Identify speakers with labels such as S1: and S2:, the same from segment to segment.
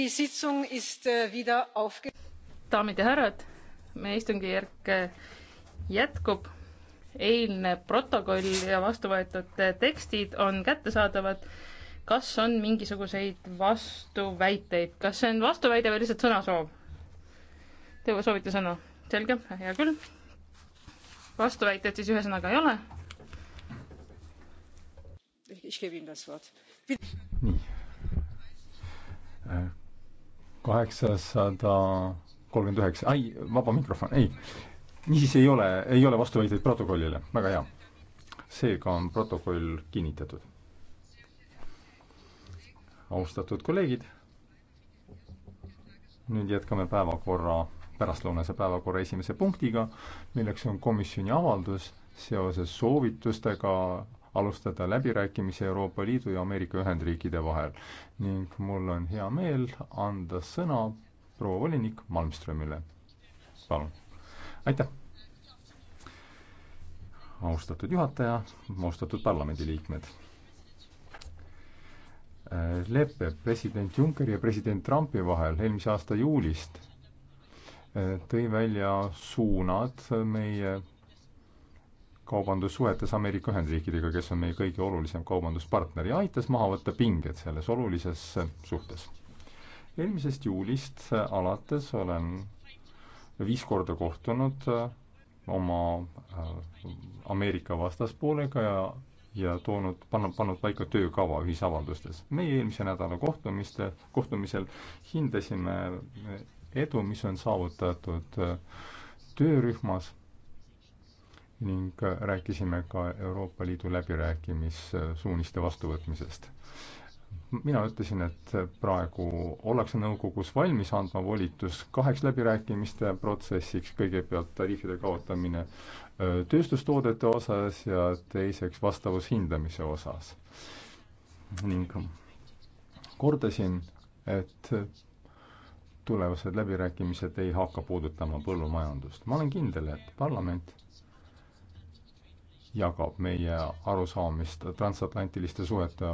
S1: Äh, daamid ja härrad, meie istungijärk äh, jätkub. eilne protokoll ja vastu võetud äh, tekstid on kättesaadavad. kas on mingisuguseid vastuväiteid, kas see on vastuväide või lihtsalt sõnasoov? Te soovite sõna? selge, hea küll. vastuväiteid siis ühesõnaga ei ole. nii
S2: kaheksasada kolmkümmend üheksa, ai, vaba mikrofon, ei. niisiis ei ole, ei ole vastuväiteid protokollile, väga hea. seega on protokoll kinnitatud. austatud kolleegid, nüüd jätkame päevakorra, pärastlõunase päevakorra esimese punktiga, milleks on komisjoni avaldus seoses soovitustega alustada läbirääkimisi Euroopa Liidu ja Ameerika Ühendriikide vahel. ning mul on hea meel anda sõna proua volinik Malmströmile. palun. aitäh! austatud juhataja, austatud parlamendiliikmed lepe president Junckeri ja president Trumpi vahel eelmise aasta juulist eh, tõi välja suunad meie kaubandussuhetes Ameerika Ühendriikidega, kes on meie kõige olulisem kaubanduspartner ja aitas maha võtta pinged selles olulises suhtes. eelmisest juulist alates olen viis korda kohtunud äh, oma äh, Ameerika vastaspoolega ja, ja toonud, pannud, pannud paika töökava ühisavaldustes. meie eelmise nädala kohtumiste, kohtumisel hindasime edu, mis on saavutatud äh, töörühmas ning äh, rääkisime ka Euroopa Liidu läbirääkimissuuniste vastuvõtmisest. mina ütlesin, et praegu ollakse nõukogus valmis andma volitus kaheks läbirääkimiste protsessiks, kõigepealt tariifide kaotamine äh, tööstustoodete osas ja teiseks vastavushindamise osas. ning kordasin, et tulevased läbirääkimised ei hakka puudutama põllumajandust. ma olen kindel, et parlament jagab meie arusaamist transatlantiliste suhete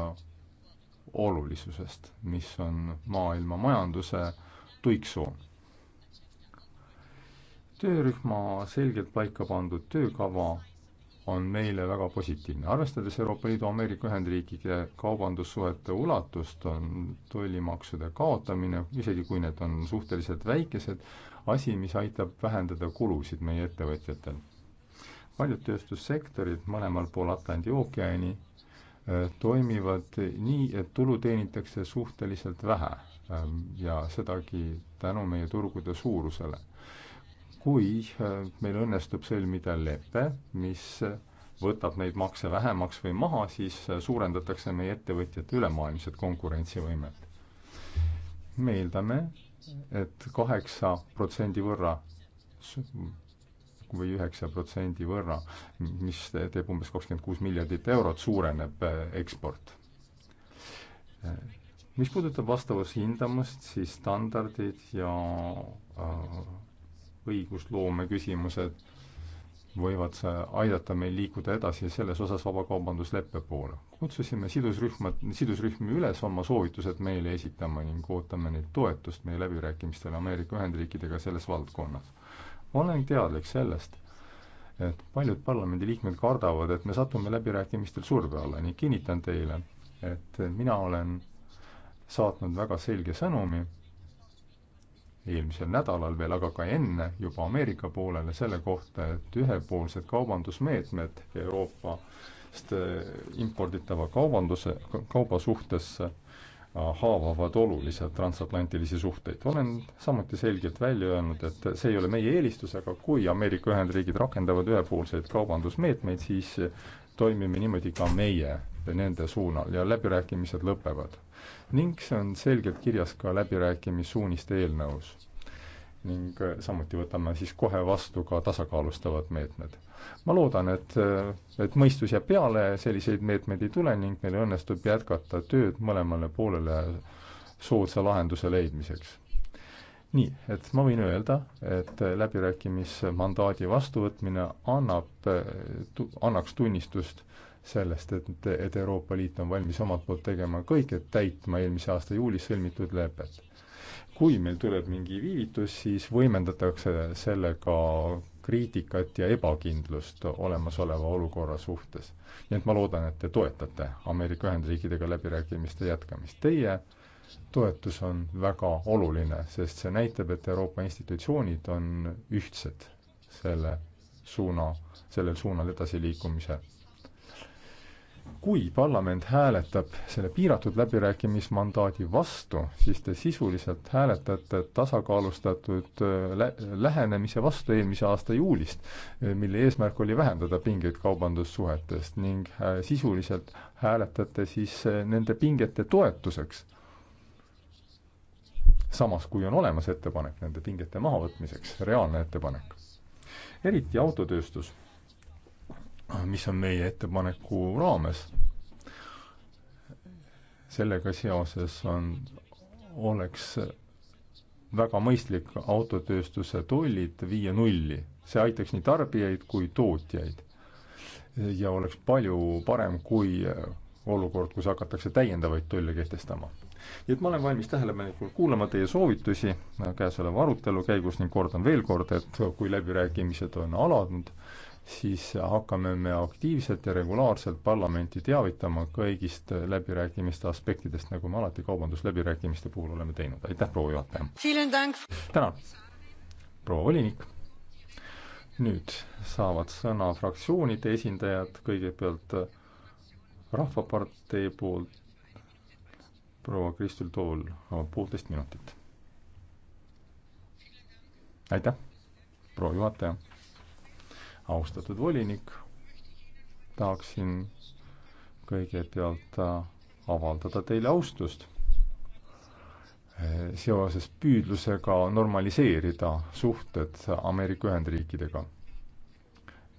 S2: olulisusest, mis on maailma majanduse tuiksuun. töörühma selgelt paika pandud töökava on meile väga positiivne. arvestades Euroopa Liidu, Ameerika Ühendriikide kaubandussuhete ulatust, on tollimaksude kaotamine, isegi kui need on suhteliselt väikesed, asi, mis aitab vähendada kulusid meie ettevõtjatel paljud tööstussektorid mõlemal pool Atlandi ookeani äh, toimivad nii, et tulu teenitakse suhteliselt vähe ähm, ja sedagi tänu meie turgude suurusele. kui äh, meil õnnestub sõlmida lepe, mis võtab neid makse vähemaks või maha, siis äh, suurendatakse meie ettevõtjate ülemaailmset konkurentsivõimet. me eeldame et, et kaheksa protsendi võrra või üheksa protsendi võrra, mis teeb umbes kakskümmend kuus miljardit eurot, suureneb äh, eksport. mis puudutab vastavushindamist, siis standardid ja äh, õigusloome küsimused võivad aidata meil liikuda edasi selles osas vabakaubandusleppe poole. kutsusime sidusrühmad, sidusrühmi üles oma soovitused meile esitama ning ootame neilt toetust meie läbirääkimistele Ameerika Ühendriikidega selles valdkonnas olen teadlik sellest, et paljud parlamendiliikmed kardavad, et me satume läbirääkimistel surve alla ning kinnitan teile, et mina olen saatnud väga selge sõnumi eelmisel nädalal veel, aga ka enne juba Ameerika poolele selle kohta, et ühepoolsed kaubandusmeetmed Euroopast imporditava kaubanduse, kauba suhtes Äh, haavavad oluliselt transatlantilisi suhteid. olen samuti selgelt välja öelnud, et see ei ole meie eelistus, aga kui Ameerika Ühendriigid rakendavad ühepoolseid kaubandusmeetmeid, siis toimime niimoodi ka meie nende suunal ja läbirääkimised lõpevad. ning see on selgelt kirjas ka läbirääkimissuuniste eelnõus. ning samuti võtame siis kohe vastu ka tasakaalustavad meetmed ma loodan, et, et mõistus jääb peale, selliseid meetmeid ei tule ning meil õnnestub jätkata tööd mõlemale poolele soodsa lahenduse leidmiseks. nii, et ma võin öelda, et läbirääkimismandaadi vastuvõtmine annab, annaks tunnistust sellest, et, et Euroopa Liit on valmis omalt poolt tegema kõik, et täitma eelmise aasta juulis sõlmitud lepet. kui meil tuleb mingi viivitus, siis võimendatakse sellega kriitikat ja ebakindlust olemasoleva olukorra suhtes. nii et ma loodan, et te toetate Ameerika Ühendriikidega läbirääkimiste jätkamist. Teie toetus on väga oluline, sest see näitab, et Euroopa institutsioonid on ühtsed selle suuna, sellel suunal edasiliikumisel kui parlament hääletab selle piiratud läbirääkimismandaadi vastu, siis te sisuliselt hääletate tasakaalustatud äh, lä-, lähenemise vastu eelmise aasta juulist, äh, mille eesmärk oli vähendada pingeid kaubandussuhetest ning äh, sisuliselt hääletate siis nende pingete toetuseks. samas, kui on olemas ettepanek nende pingete mahavõtmiseks, reaalne ettepanek. eriti autotööstus Ah, mis on meie ettepaneku raames. sellega seoses on, oleks väga mõistlik autotööstuse tollid viia nulli. see aitaks nii tarbijaid kui tootjaid. ja oleks palju parem kui olukord, kus hakatakse täiendavaid tolle kehtestama. nii et ma olen valmis tähelepanelikult kuulama teie soovitusi käesoleva arutelu käigus ning kordan veel kord, et kui läbirääkimised on alanud, siis hakkame me aktiivselt ja regulaarselt parlamenti teavitama kõigist läbirääkimiste aspektidest, nagu me alati kaubandusläbirääkimiste puhul oleme teinud. aitäh, proua juhataja! tänan! proua volinik, nüüd saavad sõna fraktsioonide esindajad, kõigepealt Rahvapartei poolt proua Kristel Tool, poolteist minutit. aitäh, proua juhataja! austatud volinik, tahaksin kõigepealt äh, avaldada teile austust äh, seoses püüdlusega normaliseerida suhted Ameerika Ühendriikidega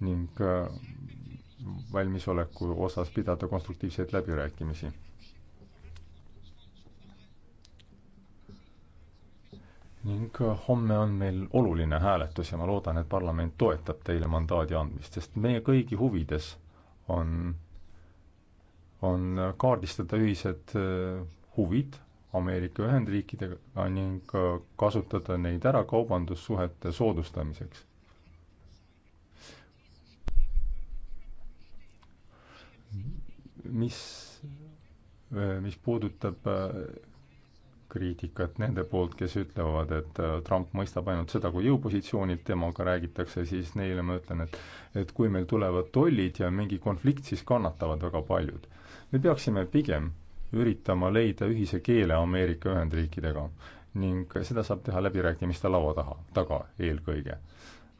S2: ning äh, valmisoleku osas pidada konstruktiivseid läbirääkimisi ning äh, homme on meil oluline hääletus ja ma loodan, et parlament toetab teile mandaadi andmist, sest meie kõigi huvides on, on kaardistada ühised äh, huvid Ameerika Ühendriikidega ning äh, kasutada neid ära kaubandussuhete soodustamiseks. mis, mis puudutab kriitikat nende poolt, kes ütlevad, et äh, Trump mõistab ainult seda, kui jõupositsioonilt temaga räägitakse, siis neile ma ütlen, et et kui meil tulevad tollid ja mingi konflikt, siis kannatavad väga paljud. me peaksime pigem üritama leida ühise keele Ameerika Ühendriikidega ning seda saab teha läbirääkimiste laua taha, taga eelkõige.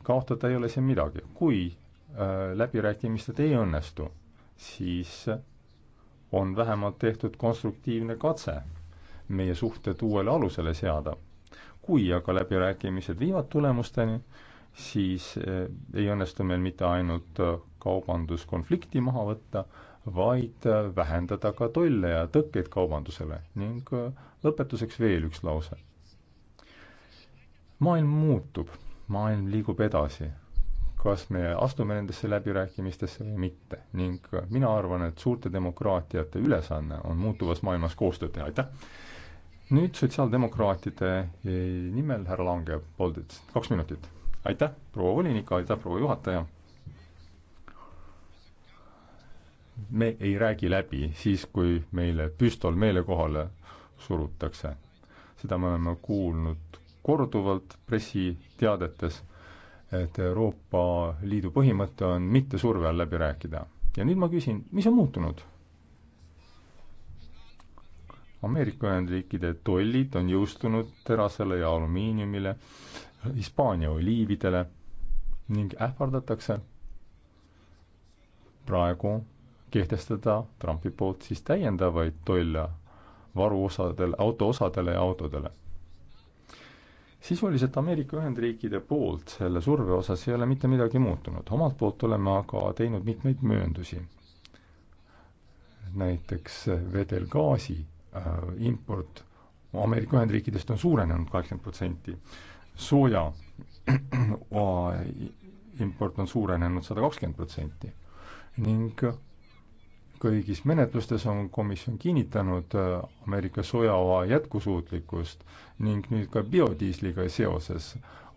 S2: kaotada ei ole siin midagi, kui äh, läbirääkimised ei õnnestu, siis on vähemalt tehtud konstruktiivne katse meie suhted uuele alusele seada. kui aga läbirääkimised viivad tulemusteni, siis eh, ei õnnestu meil mitte ainult eh, kaubanduskonflikti maha võtta, vaid eh, vähendada ka tolle ja tõkkeid kaubandusele ning lõpetuseks veel üks lause. maailm muutub, maailm liigub edasi, kas me astume nendesse läbirääkimistesse või mitte ning mina arvan, et suurte demokraatiate ülesanne on muutuvas maailmas koostööd teha, aitäh! nüüd sotsiaaldemokraatide eh, nimel härra Lange, Boldit, kaks minutit. aitäh, proua volinik, aitäh, proua juhataja. me ei räägi läbi siis, kui meile püstol meele kohale surutakse. seda me oleme kuulnud korduvalt pressiteadetes, et Euroopa Liidu põhimõte on mitte surve all läbi rääkida. ja nüüd ma küsin, mis on muutunud? Ameerika Ühendriikide tollid on jõustunud terasele ja alumiiniumile, Hispaania oliividele ning ähvardatakse praegu kehtestada Trumpi poolt siis täiendavaid tolle varuosadele, autoosadele ja autodele. sisuliselt Ameerika Ühendriikide poolt selle surve osas ei ole mitte midagi muutunud, omalt poolt oleme aga teinud mitmeid mööndusi. näiteks vedelgaasi Äh, import Ameerika Ühendriikidest on suurenenud kakskümmend protsenti, sooja import on suurenenud sada kakskümmend protsenti ning kõigis menetlustes on komisjon kinnitanud äh, Ameerika sojaoa jätkusuutlikkust ning nüüd ka biodiisliga seoses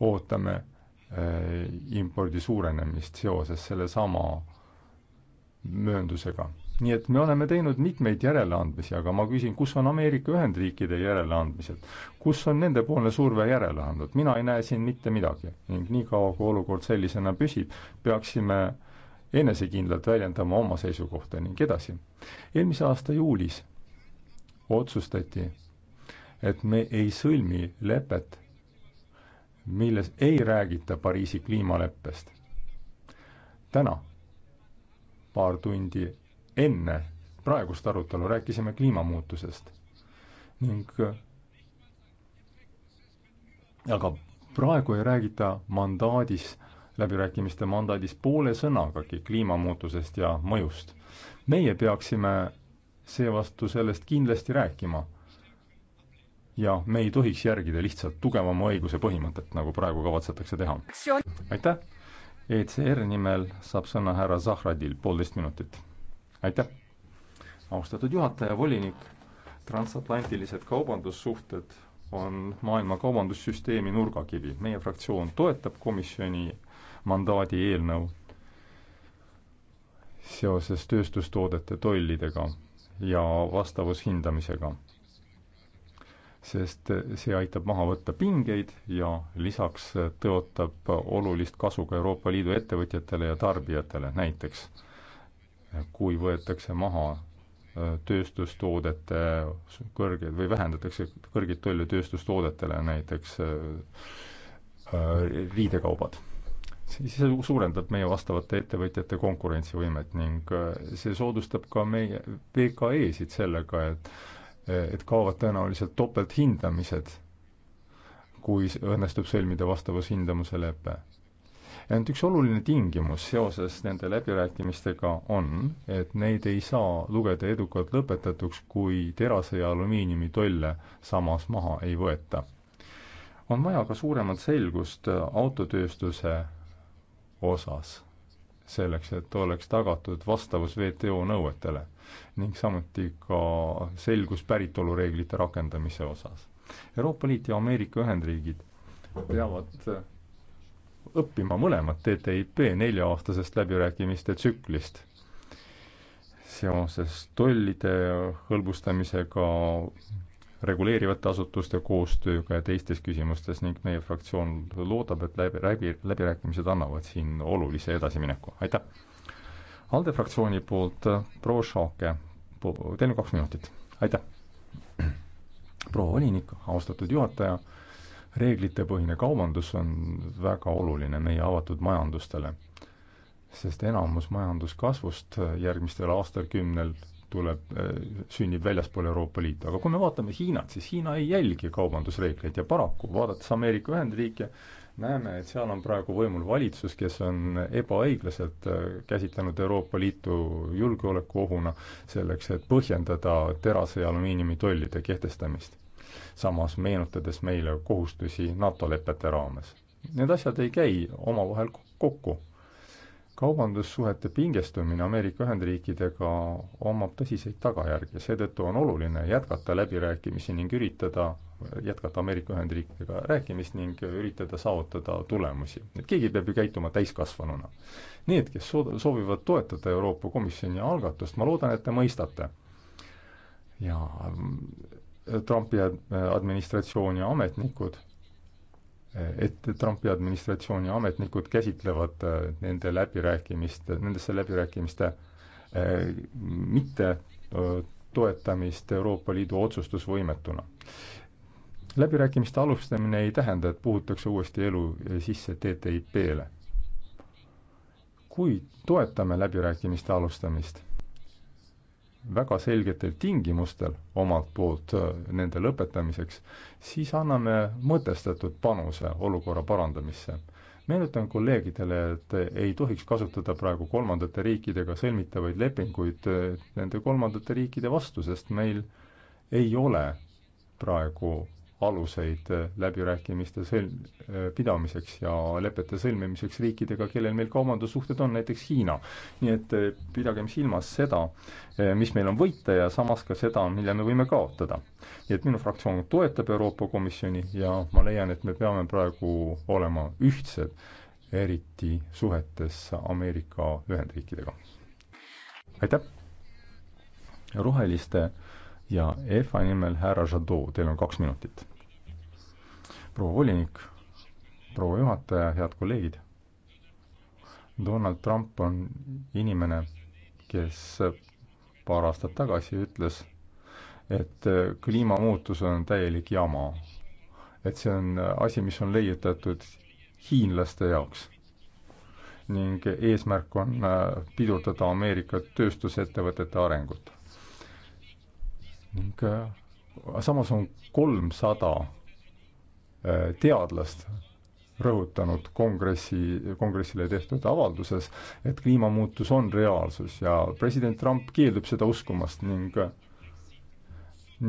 S2: ootame äh, impordi suurenemist seoses sellesama mööndusega nii et me oleme teinud mitmeid järeleandmisi, aga ma küsin, kus on Ameerika Ühendriikide järeleandmised? kus on nendepoolne surve järele andnud? mina ei näe siin mitte midagi ning niikaua, kui olukord sellisena püsib, peaksime enesekindlalt väljendama oma seisukohta ning edasi. eelmise aasta juulis otsustati, et me ei sõlmi lepet, milles ei räägita Pariisi kliimaleppest. täna, paar tundi enne praegust arutelu rääkisime kliimamuutusest ning aga praegu ei räägita mandaadis, läbirääkimiste mandaadis poole sõnagagi kliimamuutusest ja mõjust. meie peaksime seevastu sellest kindlasti rääkima. ja me ei tohiks järgida lihtsalt tugevama õiguse põhimõtet, nagu praegu kavatsetakse teha. aitäh! ECR nimel saab sõna härra Zahradil, poolteist minutit aitäh! austatud juhataja, volinik, transatlantilised kaubandussuhted on maailma kaubandussüsteemi nurgakivi. meie fraktsioon toetab komisjoni mandaadi eelnõu seoses tööstustoodete tollidega ja vastavushindamisega. sest see aitab maha võtta pingeid ja lisaks tõotab olulist kasu ka Euroopa Liidu ettevõtjatele ja tarbijatele, näiteks kui võetakse maha äh, tööstustoodete kõrged või vähendatakse kõrgeid tolle tööstustoodetele, näiteks äh, äh, riidekaubad. see suurendab meie vastavate ettevõtjate konkurentsivõimet ning see soodustab ka meie VKE-sid sellega, et et kaovad tõenäoliselt topelthindamised, kui õnnestub sõlmida vastavushindamuse lepe ent üks oluline tingimus seoses nende läbirääkimistega on, et neid ei saa lugeda edukalt lõpetatuks, kui terase ja alumiiniumi tolle samas maha ei võeta. on vaja ka suuremat selgust autotööstuse osas, selleks et oleks tagatud vastavus WTO nõuetele ning samuti ka selgus päritolureeglite rakendamise osas. Euroopa Liit ja Ameerika Ühendriigid peavad õppima mõlemat TTIP nelja-aastasest läbirääkimiste tsüklist seoses tollide hõlbustamisega, reguleerivate asutuste koostööga ja teistes küsimustes ning meie fraktsioon loodab, et läbi, läbi, läbirääkimised annavad siin olulise edasimineku, aitäh! ALDE fraktsiooni poolt äh, proua Šoke, teil on kaks minutit, aitäh! proua volinik, austatud juhataja reeglitepõhine kaubandus on väga oluline meie avatud majandustele, sest enamus majanduskasvust järgmistel aastakümnel tuleb, eh, sünnib väljaspool Euroopa Liitu, aga kui me vaatame Hiinat, siis Hiina ei jälgi kaubandusreegleid ja paraku, vaadates Ameerika Ühendriike, näeme, et seal on praegu võimul valitsus, kes on ebaõiglaselt eh, käsitlenud Euroopa Liitu julgeolekuohuna selleks, et põhjendada terase ja alumiiniumi tollide kehtestamist samas meenutades meile kohustusi NATO lepete raames. Need asjad ei käi omavahel kokku. kaubandussuhete pingestumine Ameerika Ühendriikidega omab tõsiseid tagajärgi, seetõttu on oluline jätkata läbirääkimisi ning üritada jätkata Ameerika Ühendriikidega rääkimist ning üritada saavutada tulemusi. et keegi peab ju käituma täiskasvanuna. Need, kes soo-, soovivad toetada Euroopa Komisjoni algatust, ma loodan, et te mõistate. ja Trumpi administratsiooni ametnikud, et Trumpi administratsiooni ametnikud käsitlevad äh, nende läbirääkimiste, nendesse läbirääkimiste äh, mitte äh, toetamist Euroopa Liidu otsustusvõimetuna. läbirääkimiste alustamine ei tähenda, et puhutakse uuesti elu sisse TTIP-le. kui toetame läbirääkimiste alustamist väga selgetel tingimustel omalt poolt äh, nende lõpetamiseks, siis anname mõtestatud panuse olukorra parandamisse. meenutan kolleegidele, et ei tohiks kasutada praegu kolmandate riikidega sõlmitavaid lepinguid äh, nende kolmandate riikide vastu, sest meil ei ole praegu aluseid äh, läbirääkimiste sõlm-, äh, pidamiseks ja lepete sõlmimiseks riikidega, kellel meil kaubandussuhted on, näiteks Hiina. nii et äh, pidagem silmas seda, mis meil on võita ja samas ka seda, mille me võime kaotada. nii et minu fraktsioon toetab Euroopa Komisjoni ja ma leian, et me peame praegu olema ühtsed, eriti suhetes Ameerika Ühendriikidega. aitäh! roheliste ja EFA nimel härra Jadot, teil on kaks minutit proua volinik, proua juhataja, head kolleegid. Donald Trump on inimene, kes paar aastat tagasi ütles, et kliimamuutus on täielik jama. et see on asi, mis on leiutatud hiinlaste jaoks. ning eesmärk on äh, pidurdada Ameerika tööstusettevõtete arengut. ning äh, samas on kolmsada Äh, teadlast rõhutanud kongressi, kongressile tehtud avalduses, et kliimamuutus on reaalsus ja president Trump keeldub seda uskumast ning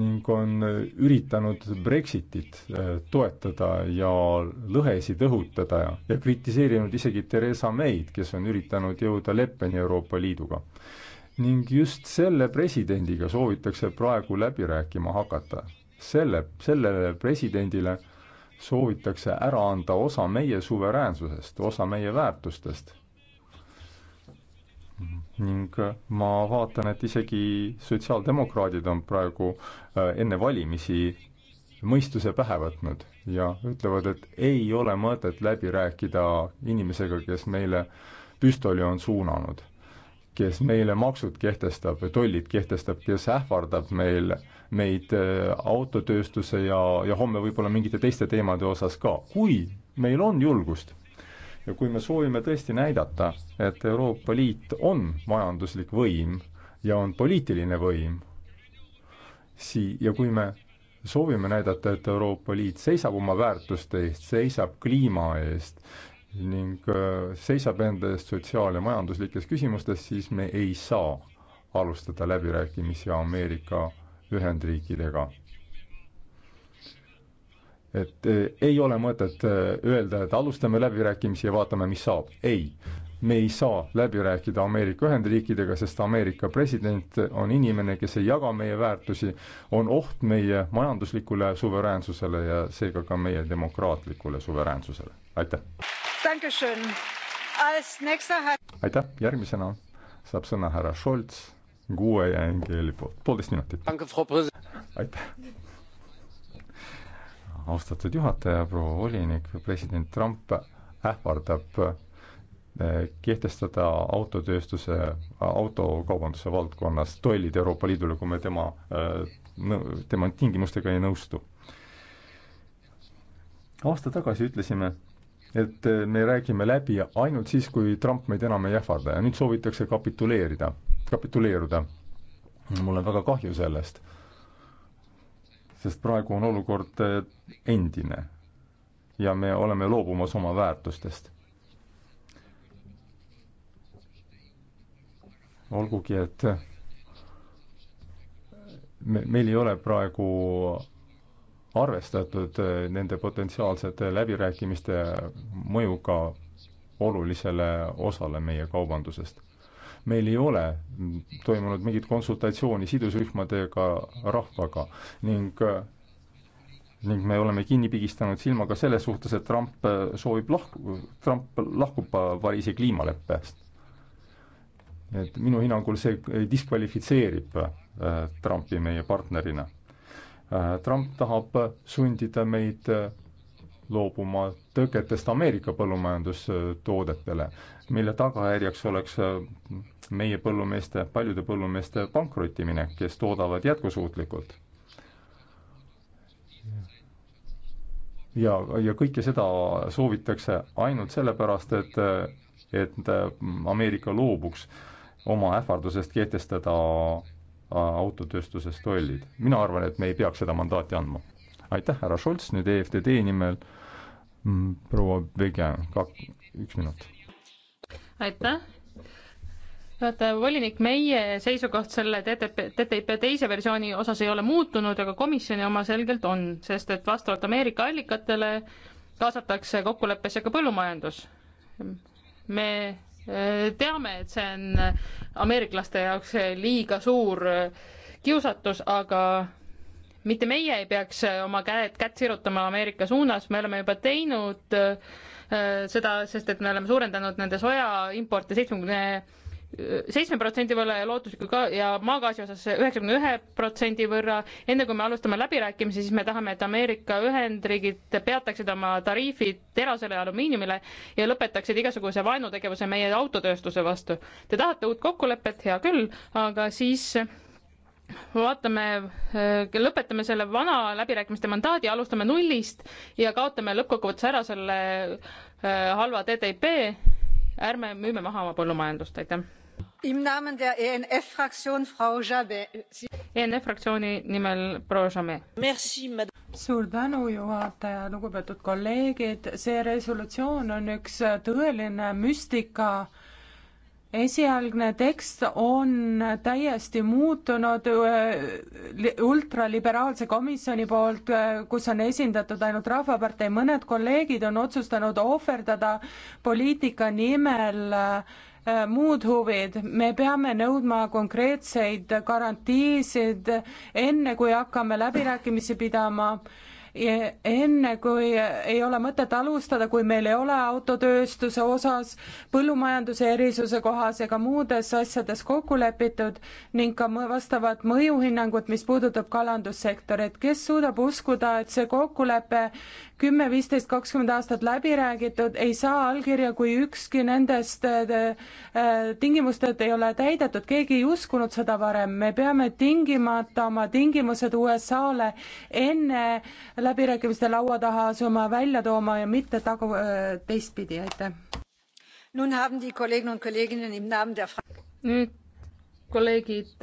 S2: ning on üritanud Brexitit äh, toetada ja lõhesid õhutada ja, ja kritiseerinud isegi Theresa May'd, kes on üritanud jõuda leppeni Euroopa Liiduga. ning just selle presidendiga soovitakse praegu läbi rääkima hakata. selle, sellele presidendile äh, soovitakse ära anda osa meie suveräänsusest, osa meie väärtustest. ning ma vaatan, et isegi sotsiaaldemokraadid on praegu äh, enne valimisi mõistuse pähe võtnud ja ütlevad, et ei ole mõtet läbi rääkida inimesega, kes meile püstoli on suunanud, kes meile maksud kehtestab või tollid kehtestab, kes ähvardab meil äh, meid äh, autotööstuse ja, ja homme võib-olla mingite teiste teemade osas ka, kui meil on julgust ja kui me soovime tõesti näidata, et Euroopa Liit on majanduslik võim ja on poliitiline võim, sii-, ja kui me soovime näidata, et Euroopa Liit seisab oma väärtuste eest, seisab kliima eest ning äh, seisab enda eest sotsiaal- ja majanduslikes küsimustes, siis me ei saa alustada läbirääkimisi Ameerika Ühendriikidega. et eh, ei ole mõtet eh, öelda, et alustame läbirääkimisi ja vaatame, mis saab. ei, me ei saa läbi rääkida Ameerika Ühendriikidega, sest Ameerika president on inimene, kes ei jaga meie väärtusi, on oht meie majanduslikule suveräänsusele ja seega ka meie demokraatlikule suveräänsusele. aitäh! aitäh, järgmisena saab sõna härra Scholz kuue ja NGL-i poolt, poolteist minutit. aitäh! austatud juhataja, proua volinik, president Trump ähvardab eh, kehtestada autotööstuse, autokaubanduse valdkonnas tollid Euroopa Liidule, kui me tema, eh, tema tingimustega ei nõustu. aasta tagasi ütlesime, et me räägime läbi ainult siis, kui Trump meid enam ei ähvarda ja nüüd soovitakse kapituleerida kapituleeruda. mul on väga kahju sellest, sest praegu on olukord eh, endine ja me oleme loobumas oma väärtustest. olgugi, et me, meil ei ole praegu arvestatud eh, nende potentsiaalsete läbirääkimiste mõjuga olulisele osale meie kaubandusest meil ei ole toimunud mingit konsultatsiooni sidusrühmadega, rahvaga ning ning me oleme kinni pigistanud silma ka selles suhtes, et Trump soovib lahku, Trump lahkub Pariisi kliimaleppest. et minu hinnangul see diskvalifitseerib äh, Trumpi meie partnerina. Äh, Trump tahab sundida meid äh, loobuma tõketest Ameerika põllumajandustoodetele, mille tagajärjeks oleks äh, meie põllumeeste, paljude põllumeeste pankrotiminek, kes toodavad jätkusuutlikult. ja, ja kõike seda soovitakse ainult sellepärast, et, et Ameerika loobuks oma ähvardusest kehtestada äh, autotööstuses tollid. mina arvan, et me ei peaks seda mandaati andma aitäh, härra Šolts, nüüd EFTD nimel mm, proua Vege, üks minut.
S1: aitäh vaata, volinik, meie seisukoht selle TTP, TTIP teise versiooni osas ei ole muutunud, aga komisjoni oma selgelt on, sest et vastavalt Ameerika allikatele kaasatakse kokkuleppesse ka põllumajandus. me eh, teame, et see on ameeriklaste jaoks liiga suur eh, kiusatus, aga mitte meie ei peaks äh, oma käed kätt sirutama Ameerika suunas, me oleme juba teinud äh, seda, sest et me oleme suurendanud nende soja importi seitsmekümne äh, seitsme protsendi võrra ja lootusliku ka ja maagaasi osas üheksakümne ühe protsendi võrra. enne kui me alustame läbirääkimisi, siis me tahame, et Ameerika Ühendriigid peataksid oma tariifid terasele ja alumiiniumile ja lõpetaksid igasuguse vaenutegevuse meie autotööstuse vastu. Te tahate uut kokkulepet, hea küll, aga siis vaatame, äh, lõpetame selle vana läbirääkimiste mandaadi, alustame nullist ja kaotame lõppkokkuvõttes ära selle äh, halva TTIP. ärme müüme maha oma põllumajandust, aitäh.
S3: ENF e
S1: e fraktsiooni nimel proua Jamet.
S3: suur tänu, juhataja, lugupeetud kolleegid, see resolutsioon on üks tõeline müstika esialgne tekst on täiesti muutunud äh, ultraliberaalse komisjoni poolt, äh, kus on esindatud ainult Rahvapartei, mõned kolleegid on otsustanud ohverdada poliitika nimel äh, muud huvid, me peame nõudma konkreetseid garantiisid, enne kui hakkame läbirääkimisi pidama enne, kui ei ole mõtet alustada, kui meil ei ole autotööstuse osas, põllumajanduse erisuse kohas ega muudes asjades kokku lepitud ning ka vastavat mõjuhinnangut, mis puudutab kalandussektorit. kes suudab uskuda, et see kokkulepe, kümme, viisteist, kakskümmend aastat läbi räägitud, ei saa allkirja, kui ükski nendest äh, äh, tingimustest ei ole täidetud, keegi ei uskunud seda varem, me peame tingimata oma tingimused USA-le enne läbirääkimiste laua taha asuma välja tooma ja mitte tagu-, äh, teistpidi, aitäh. nüüd
S1: kolleegid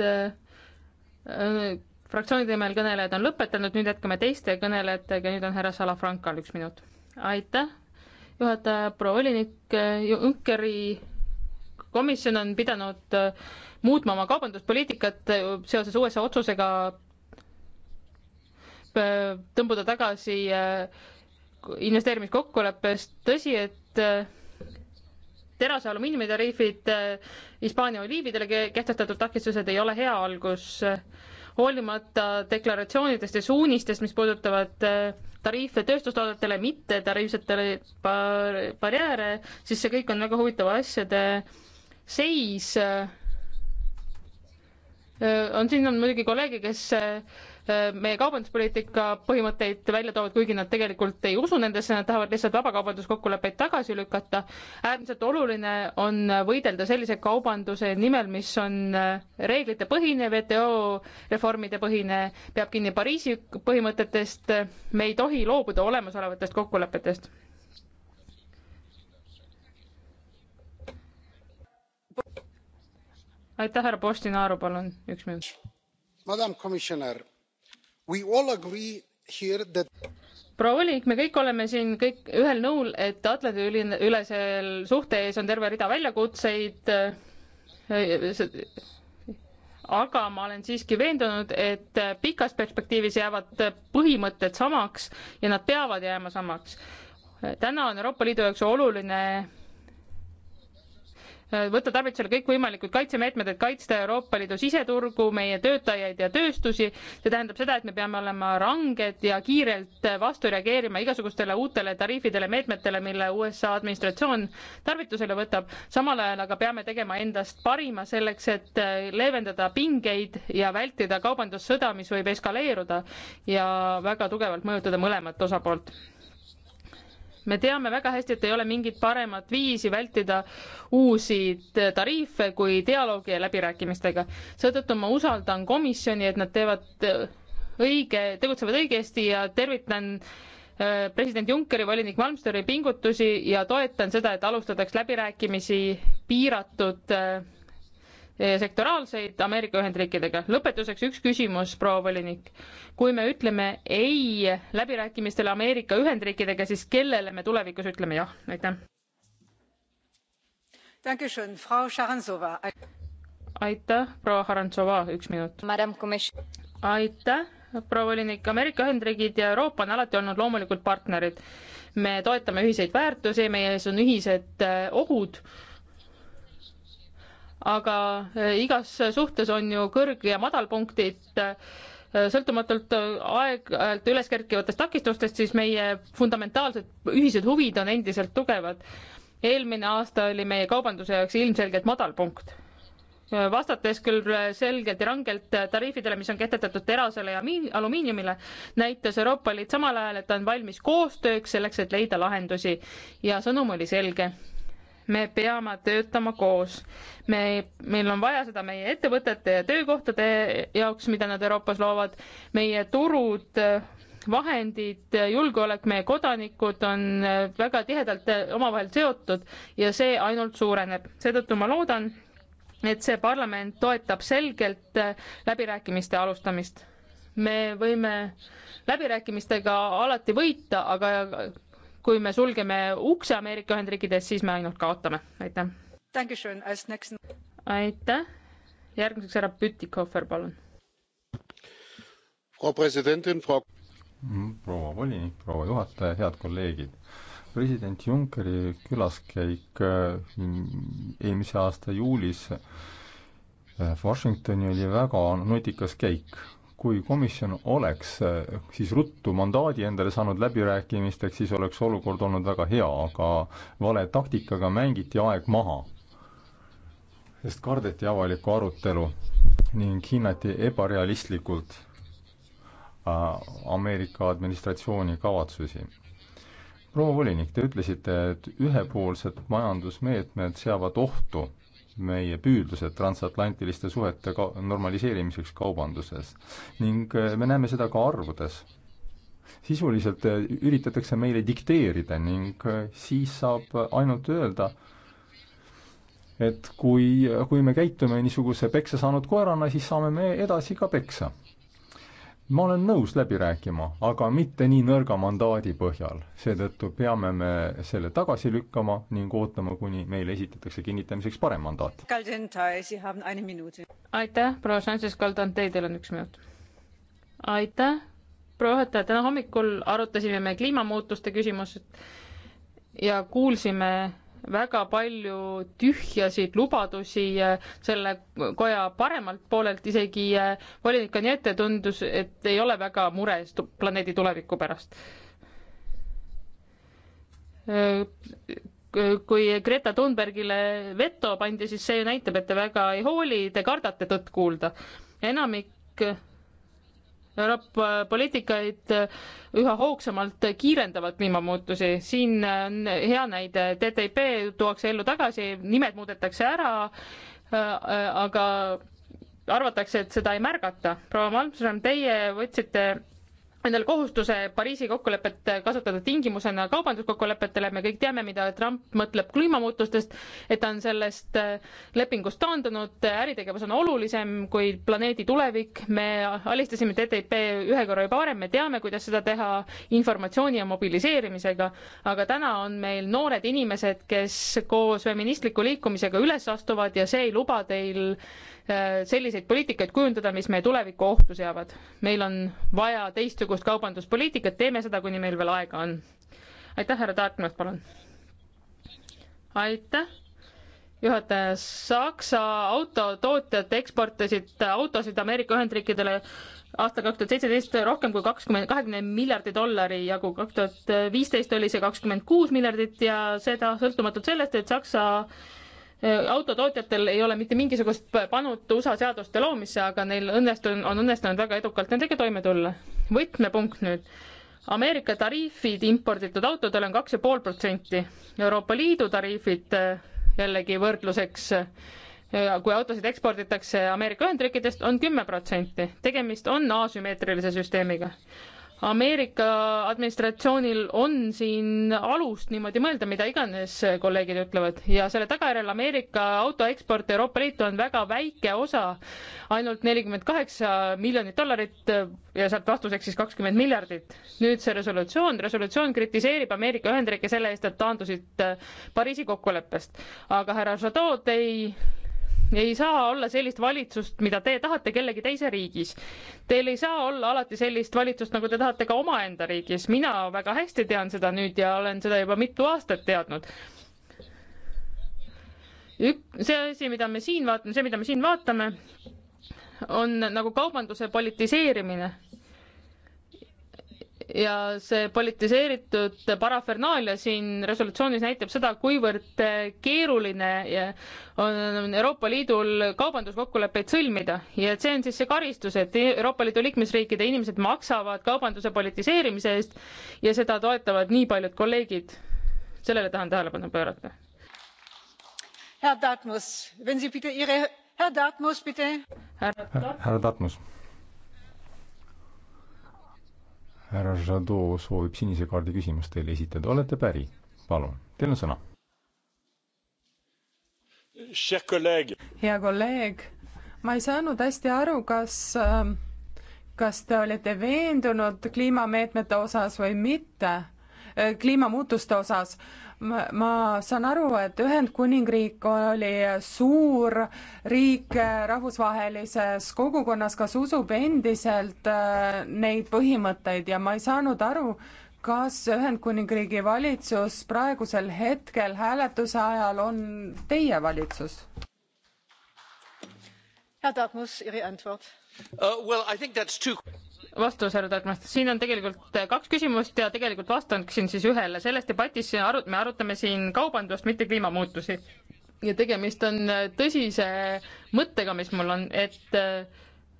S1: fraktsioonide nimel kõnelejad on lõpetanud, nüüd jätkame teiste kõnelejatega, nüüd on härra Salafrankal üks minut. aitäh, juhataja, proua volinik, Junckeri komisjon on pidanud äh, muutma oma kaubanduspoliitikat äh, seoses USA otsusega äh, tõmbuda tagasi investeerimiskokkuleppest, tõsi, et terase alumiiniumi tariifid Hispaania oliividele kehtestatud takistused ei ole hea algus hoolimata deklaratsioonidest ja suunistest, mis puudutavad äh, tariife tööstustoodetele, mittetariifsetele barjääre, siis see kõik on väga huvitav asjade seis. Äh, on siin on muidugi kolleege, kes äh, Äh, meie kaubanduspoliitika põhimõtteid välja toovad, kuigi nad tegelikult ei usu nendesse, nad tahavad lihtsalt vabakaubanduskokkuleppeid tagasi lükata. äärmiselt oluline on võidelda sellise kaubanduse nimel, mis on äh, reeglitepõhine, WTO reformide põhine, peab kinni Pariisi põhimõtetest, me ei tohi loobuda olemasolevatest kokkulepetest aitäh härra postinaru palun üks minut. That... proua Olik, me kõik oleme siin kõik ühel nõul, et Atlandi ülesel suhte ees on terve rida väljakutseid. aga ma olen siiski veendunud, et pikas perspektiivis jäävad põhimõtted samaks ja nad peavad jääma samaks täna on Euroopa Liidu jaoks oluline Äh, võtta tarvitusele kõikvõimalikud kaitsemeetmed, et kaitsta Euroopa Liidu siseturgu, meie töötajaid ja tööstusi. see tähendab seda, et me peame olema ranged ja kiirelt vastu reageerima igasugustele uutele tariifidele, meetmetele, mille USA administratsioon tarvitusele võtab. samal ajal aga peame tegema endast parima selleks, et äh, leevendada pingeid ja vältida kaubandussõda, mis võib eskaleeruda ja väga tugevalt mõjutada mõlemat osapoolt me teame väga hästi, et ei ole mingit paremat viisi vältida uusi tariife kui dialoogi ja läbirääkimistega. seetõttu ma usaldan komisjoni, et nad teevad äh, õige, tegutsevad õigesti ja tervitan äh, president Junckeri, volinik Malmsteri pingutusi ja toetan seda, et alustataks läbirääkimisi piiratud äh, Eh, sektoraalseid Ameerika Ühendriikidega. lõpetuseks üks küsimus, proua volinik. kui me ütleme ei läbirääkimistele Ameerika Ühendriikidega, siis kellele me tulevikus ütleme jah? aitäh. aitäh, proua Harantsova, üks minut. aitäh, proua volinik. Ameerika Ühendriigid ja Euroopa on alati olnud loomulikult partnerid. me toetame ühiseid väärtusi, meie ees on ühised eh, ohud aga eh, igas suhtes on ju kõrg- ja madalpunktid eh, sõltumatult eh, aeg-ajalt üles kerkivatest takistustest, siis meie fundamentaalsed ühised huvid on endiselt tugevad. eelmine aasta oli meie kaubanduse jaoks ilmselgelt madalpunkt. vastates küll selgelt ja rangelt tariifidele, mis on kehtestatud terasele ja alumiiniumile, näitas Euroopa Liit samal ajal, et ta on valmis koostööks selleks, et leida lahendusi ja sõnum oli selge me peame töötama koos. me, meil on vaja seda meie ettevõtete ja töökohtade jaoks, mida nad Euroopas loovad, meie turud, vahendid, julgeolek, meie kodanikud on äh, väga tihedalt äh, omavahel seotud ja see ainult suureneb. seetõttu ma loodan, et see parlament toetab selgelt äh, läbirääkimiste alustamist. me võime läbirääkimistega alati võita, aga kui me sulgeme ukse Ameerika Ühendriikides, siis me ainult kaotame, aitäh. aitäh, järgmiseks härra Pütikofer, palun.
S2: Mm, proua volinik, proua juhataja, head kolleegid president Junckeri külaskäik äh, eelmise aasta juulis äh, Washingtoni oli väga nutikas käik kui komisjon oleks äh, siis ruttu mandaadi endale saanud läbirääkimisteks, siis oleks olukord olnud väga hea, aga vale taktikaga mängiti aeg maha. sest kardeti avalikku arutelu ning hinnati ebarealistlikult äh, Ameerika administratsiooni kavatsusi. proua volinik, te ütlesite, et ühepoolsed majandusmeetmed seavad ohtu meie püüdlused transatlantiliste suhete ka-, normaliseerimiseks kaubanduses. ning äh, me näeme seda ka arvudes. sisuliselt äh, üritatakse meile dikteerida ning äh, siis saab ainult öelda, et kui, kui me käitume niisuguse peksa saanud koerana, siis saame me edasi ka peksa ma olen nõus läbi rääkima, aga mitte nii nõrga mandaadi põhjal. seetõttu peame me selle tagasi lükkama ning ootama, kuni meile esitatakse kinnitamiseks
S1: parem mandaat. aitäh, proua Sanchez-Caldan, teil on üks minut. aitäh, proua juhataja, täna hommikul arutasime me kliimamuutuste küsimust ja kuulsime väga palju tühjasid lubadusi eh, selle koja paremalt poolelt, isegi eh, volinik Anijete tundus, et ei ole väga mures planeedi tuleviku pärast. Eh, kui Greta Thunbergile veto pandi, siis see näitab, et te väga ei hooli, te kardate tõtt kuulda. enamik Euroopa poliitikaid äh, üha hoogsamalt kiirendavad kliimamuutusi. siin äh, on hea näide, TTIP tuuakse ellu tagasi, nimed muudetakse ära, äh, aga arvatakse, et seda ei märgata. proua Malmström, teie võtsite endale kohustuse Pariisi kokkulepet kasutada tingimusena kaubanduskokkulepetele, me kõik teame, mida Trump mõtleb kliimamuutustest, et ta on sellest äh, lepingust taandunud, äritegevus on olulisem kui planeedi tulevik, me alistasime TTIP ühe korra juba varem, me teame, kuidas seda teha informatsiooni ja mobiliseerimisega, aga täna on meil noored inimesed, kes koos feministliku liikumisega üles astuvad ja see ei luba teil Äh, selliseid poliitikaid kujundada, mis meie tulevikku ohtu seavad. meil on vaja teistsugust kaubanduspoliitikat, teeme seda, kuni meil veel aega on. aitäh, härra Tartmann, palun. aitäh, juhataja. Saksa autotootjad eksportisid autosid Ameerika Ühendriikidele aastal kaks tuhat seitseteist rohkem kui kakskümmend, kahekümne miljardi dollari jagu, kaks tuhat viisteist oli see kakskümmend kuus miljardit ja seda sõltumatult sellest, et Saksa äh, Äh, autotootjatel ei ole mitte mingisugust panut USA seaduste loomisse, aga neil õnnestunud, on õnnestunud väga edukalt nendega toime tulla. võtmepunkt nüüd. Ameerika tariifid imporditud autodele on kaks ja pool protsenti, Euroopa Liidu tariifid äh, jällegi võrdluseks, äh, kui autosid eksporditakse Ameerika Ühendriikidest, on kümme protsenti. tegemist on asümmeetrilise süsteemiga. Ameerika administratsioonil on siin alust niimoodi mõelda, mida iganes kolleegid ütlevad ja selle tagajärjel Ameerika autoeksport Euroopa Liitu on väga väike osa, ainult nelikümmend kaheksa miljonit dollarit ja sealt vastuseks siis kakskümmend miljardit. nüüd see resolutsioon, resolutsioon kritiseerib Ameerika Ühendriike selle eest, et taandusid Pariisi kokkuleppest, aga härra Jadot ei ei saa olla sellist valitsust, mida te tahate kellegi teise riigis. Teil ei saa olla alati sellist valitsust, nagu te tahate ka omaenda riigis. mina väga hästi tean seda nüüd ja olen seda juba mitu aastat teadnud. Ük-, see asi, mida me siin vaatame, see, mida me siin vaatame, on nagu kaubanduse politiseerimine ja see politiseeritud parafernaalia siin resolutsioonis näitab seda, kuivõrd keeruline on Euroopa Liidul kaubanduskokkuleppeid sõlmida ja et see on siis see karistus, et Euroopa Liidu liikmesriikide inimesed maksavad kaubanduse politiseerimise eest ja seda toetavad nii paljud kolleegid. sellele tahan tähelepanu pöörata. härra Dartmus, härra Dartmus,
S2: härra Dartmus härra Jadot soovib sinise kaardi küsimust teile esitada, olete päri? palun, teil on sõna.
S3: hea kolleeg, ma ei saanud hästi aru, kas ähm, kas te olete veendunud kliimameetmete osas või mitte, äh, kliimamuutuste osas ma saan aru, et Ühendkuningriik oli suur riik rahvusvahelises kogukonnas, kas usub endiselt äh, neid põhimõtteid ja ma ei saanud aru, kas Ühendkuningriigi valitsus praegusel hetkel hääletuse ajal on teie valitsus?
S1: härra Tarmus, teie vastus vastus, härra Tartmast, siin on tegelikult äh, kaks küsimust ja tegelikult vastaksin siis ühele. selles debatis arut-, me arutame siin kaubandust, mitte kliimamuutusi. ja tegemist on äh, tõsise mõttega, mis mul on, et äh,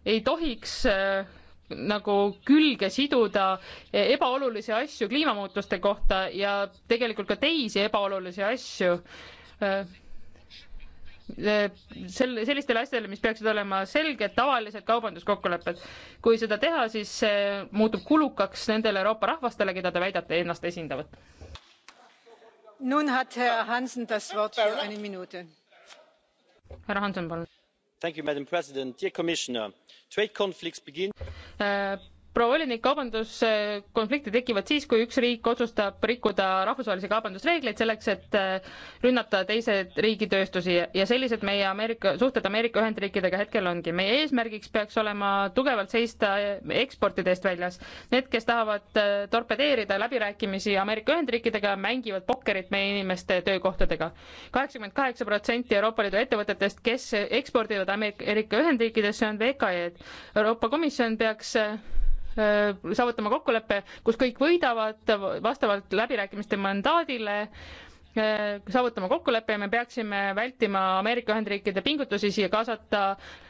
S1: ei tohiks äh, nagu külge siduda äh, ebaolulisi asju kliimamuutuste kohta ja tegelikult ka teisi ebaolulisi asju äh, sel-, sellistele asjadele, mis peaksid olema selged, tavalised kaubanduskokkulepped. kui seda teha, siis see muutub kulukaks nendele Euroopa rahvastele, keda te väidate ennast esindavat. härra Hanson, palun.
S3: madam president dear commissioner trade conflicts begin.
S1: Äh, proua volinik, kaubanduskonflikte tekivad siis, kui üks riik otsustab rikkuda rahvusvahelisi kaubandusreegleid selleks, et äh, rünnata teise riigi tööstusi ja sellised meie Ameerika, suhted Ameerika Ühendriikidega hetkel ongi. meie eesmärgiks peaks olema tugevalt seista äh, eksportide eest väljas. Need, kes tahavad äh, torpedeerida läbirääkimisi Ameerika Ühendriikidega, mängivad pokkerit meie inimeste töökohtadega. kaheksakümmend kaheksa protsenti Euroopa Liidu ettevõtetest, kes ekspordivad Ameerika Ühendriikidesse, on VKE-d. Euroopa Komisjon peaks Äh, saavutama kokkuleppe, kus kõik võidavad vastavalt läbirääkimiste mandaadile äh, saavutama kokkuleppe ja me peaksime vältima Ameerika Ühendriikide pingutusi siia kaasata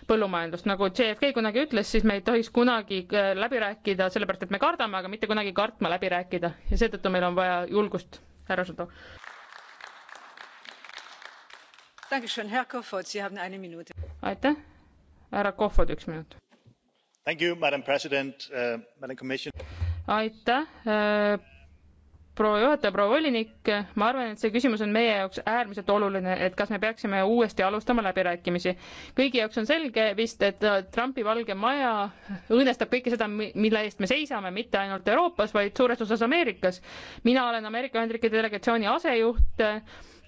S1: põllumajandust. nagu JFK kunagi ütles, siis me ei tohiks kunagi äh, läbi rääkida sellepärast, et me kardame, aga mitte kunagi kartma läbi rääkida ja seetõttu meil on vaja julgust, härra Žadov. aitäh, härra Kohvod, üks minut Uh, aitäh, uh, proua juhataja, proua volinik, ma arvan, et see küsimus on meie jaoks äärmiselt oluline, et kas me peaksime uuesti alustama läbirääkimisi. kõigi jaoks on selge vist, et uh, Trumpi Valge Maja õõnestab kõike seda, mille eest me seisame, mitte ainult Euroopas, vaid suures osas Ameerikas. mina olen Ameerika Ühendriikide delegatsiooni asejuht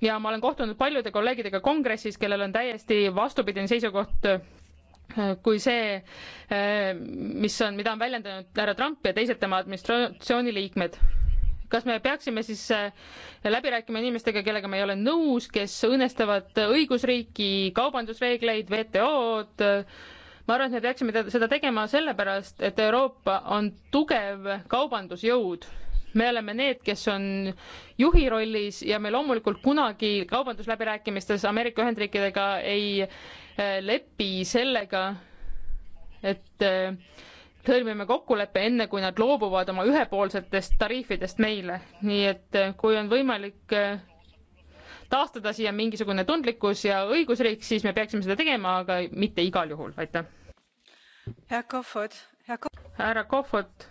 S1: ja ma olen kohtunud paljude kolleegidega kongressis, kellel on täiesti vastupidine seisukoht kui see, eh, mis on, mida on väljendanud härra Trump ja teised tema administratsiooni liikmed kas me peaksime siis eh, läbi rääkima inimestega, kellega me ei ole nõus, kes õõnestavad õigusriiki, kaubandusreegleid, WTO-d? ma arvan, et me peaksime seda tegema sellepärast, et Euroopa on tugev kaubandusjõud me oleme need, kes on juhi rollis ja me loomulikult kunagi kaubandusläbirääkimistes Ameerika Ühendriikidega ei äh, lepi sellega, et äh, sõlmime kokkuleppe enne, kui nad loobuvad oma ühepoolsetest tariifidest meile. nii et äh, kui on võimalik taastada siia mingisugune tundlikkus ja õigusriik, siis me peaksime seda tegema, aga mitte igal juhul, aitäh.
S3: härra Kohvot,
S1: härra Kohvot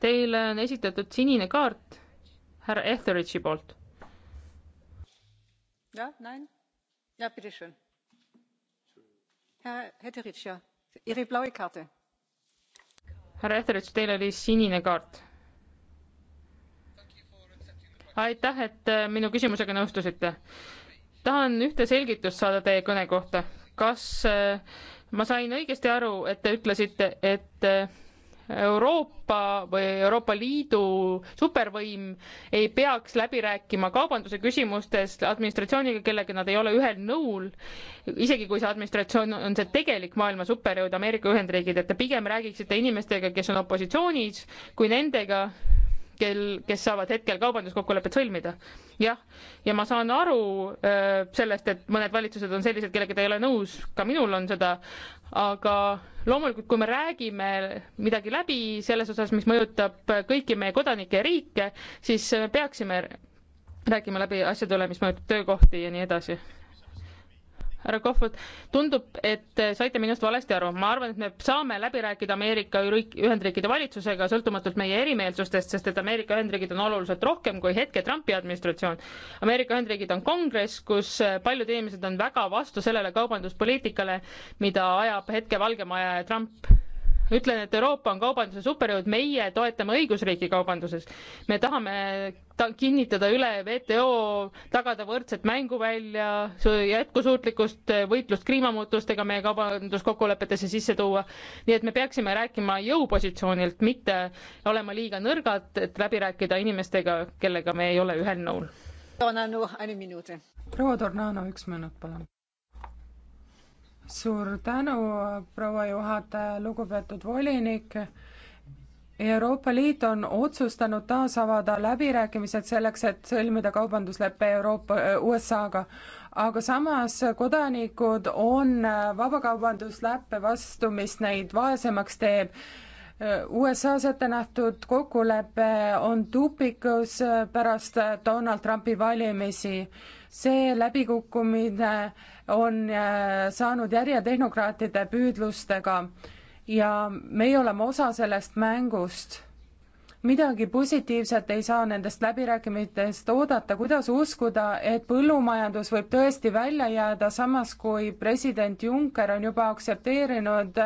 S1: Teile on esitatud sinine kaart härra Etheridge'i poolt. jah, näin. jah, pidi schön. härra Etheridge, jah. Ihre blaue Karte. härra Etheridge, teil oli sinine kaart. aitäh, et äh, minu küsimusega nõustusite. tahan ühte selgitust saada teie kõne kohta. kas äh, ma sain õigesti aru, et te ütlesite, et äh, Euroopa või Euroopa Liidu supervõim ei peaks läbi rääkima kaubanduse küsimustes administratsiooniga, kellega nad ei ole ühel nõul, isegi kui see administratsioon on see tegelik maailma superjõud, Ameerika Ühendriigid, et te pigem räägiksite inimestega, kes on opositsioonis, kui nendega, kel, kes saavad hetkel kaubanduskokkulepet sõlmida. jah, ja ma saan aru öö, äh, sellest, et mõned valitsused on sellised, kellega te ei ole nõus, ka minul on seda, aga loomulikult, kui me räägime midagi läbi selles osas, mis mõjutab kõiki meie kodanikke ja riike, siis peaksime rääkima läbi asjade üle, mis mõjutab töökohti ja nii edasi härra Kohvud, tundub, et saite minust valesti aru, ma arvan, et me saame läbi rääkida Ameerika Ühendriikide valitsusega sõltumatult meie erimeelsustest, sest et Ameerika Ühendriigid on oluliselt rohkem kui hetke Trumpi administratsioon. Ameerika Ühendriigid on kongress, kus paljud inimesed on väga vastu sellele kaubanduspoliitikale, mida ajab hetke Valgemaja ja Trump ütlen, et Euroopa on kaubanduse superjõud, meie toetame õigusriiki kaubanduses. me tahame ta kinnitada üle WTO, tagada võrdset mänguvälja, jätkusuutlikkust, võitlust kliimamuutustega meie kaubanduskokkulepetesse sisse tuua. nii et me peaksime rääkima jõupositsioonilt, mitte olema liiga nõrgad, et läbi rääkida inimestega, kellega me ei ole ühel nõul.
S3: proua Tornano, üks minut, palun suur tänu, proua juhataja, lugupeetud volinik. Euroopa Liit on otsustanud taas avada läbirääkimised selleks, et sõlmida kaubanduslepe Euroopa, USA-ga. aga samas kodanikud on vabakaubandusleppe vastu, mis neid vaesemaks teeb USA-s ette nähtud kokkulepe on tupikus pärast Donald Trumpi valimisi. see läbikukkumine on äh, saanud järje tehnokraatide püüdlustega ja meie oleme osa sellest mängust. midagi positiivset ei saa nendest läbirääkimistest oodata, kuidas uskuda, et põllumajandus võib tõesti välja jääda, samas kui president Juncker on juba aktsepteerinud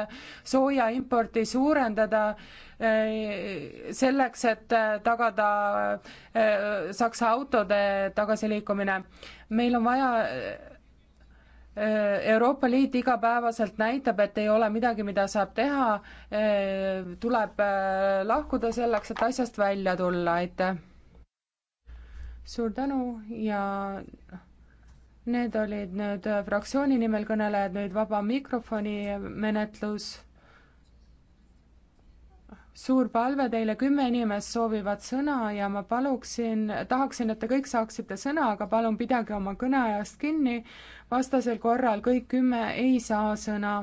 S3: sooja importi suurendada äh, selleks, et äh, tagada Saksa autode tagasiliikumine. meil on vaja Äh, Euroopa Liit igapäevaselt näitab, et ei ole midagi, mida saab teha, äh, tuleb äh, lahkuda selleks, et asjast välja tulla, aitäh! suur tänu ja need olid nüüd fraktsiooni nimel kõnelejad, nüüd vaba mikrofoni menetlus suur palve teile, kümme inimest soovivad sõna ja ma paluksin, tahaksin, et te kõik saaksite sõna, aga palun pidage oma kõneajast kinni, vastasel korral kõik kümme ei saa sõna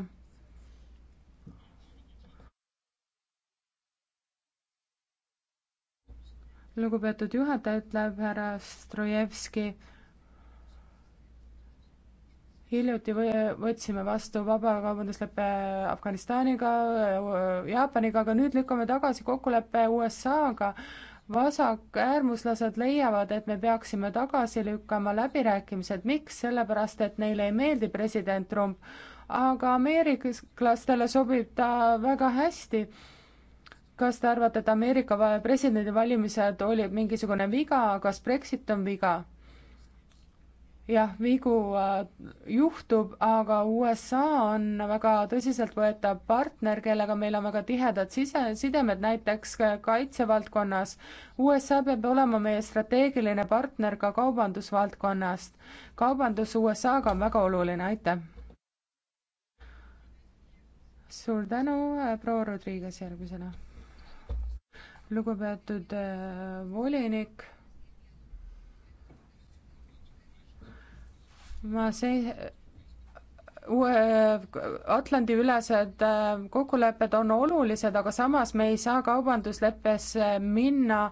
S3: lugupeetud juhataja, ütleb härra Strojevski hiljuti võtsime vastu vabakaubandusleppe Afganistaniga, Jaapaniga, aga nüüd lükkame tagasi kokkuleppe USA-ga. vasakäärmuslased leiavad, et me peaksime tagasi lükkama läbirääkimised, miks? sellepärast, et neile ei meeldi president Trump, aga ameeriklastele sobib ta väga hästi kas te arvate, et Ameerika presidendivalimised olid mingisugune viga, kas Brexit on viga? jah, vigu äh, juhtub, aga USA on väga tõsiseltvõetav partner, kellega meil on väga tihedad sise, sidemed, näiteks äh, kaitsevaldkonnas. USA peab olema meie strateegiline partner ka kaubandusvaldkonnast. kaubandus USA-ga on väga oluline, aitäh! suur tänu, äh, proua Rodriguez järgmisena. lugupeetud volinik ma sei-, Atlandi-ülesed äh, kokkulepped on olulised, aga samas me ei saa kaubandusleppesse minna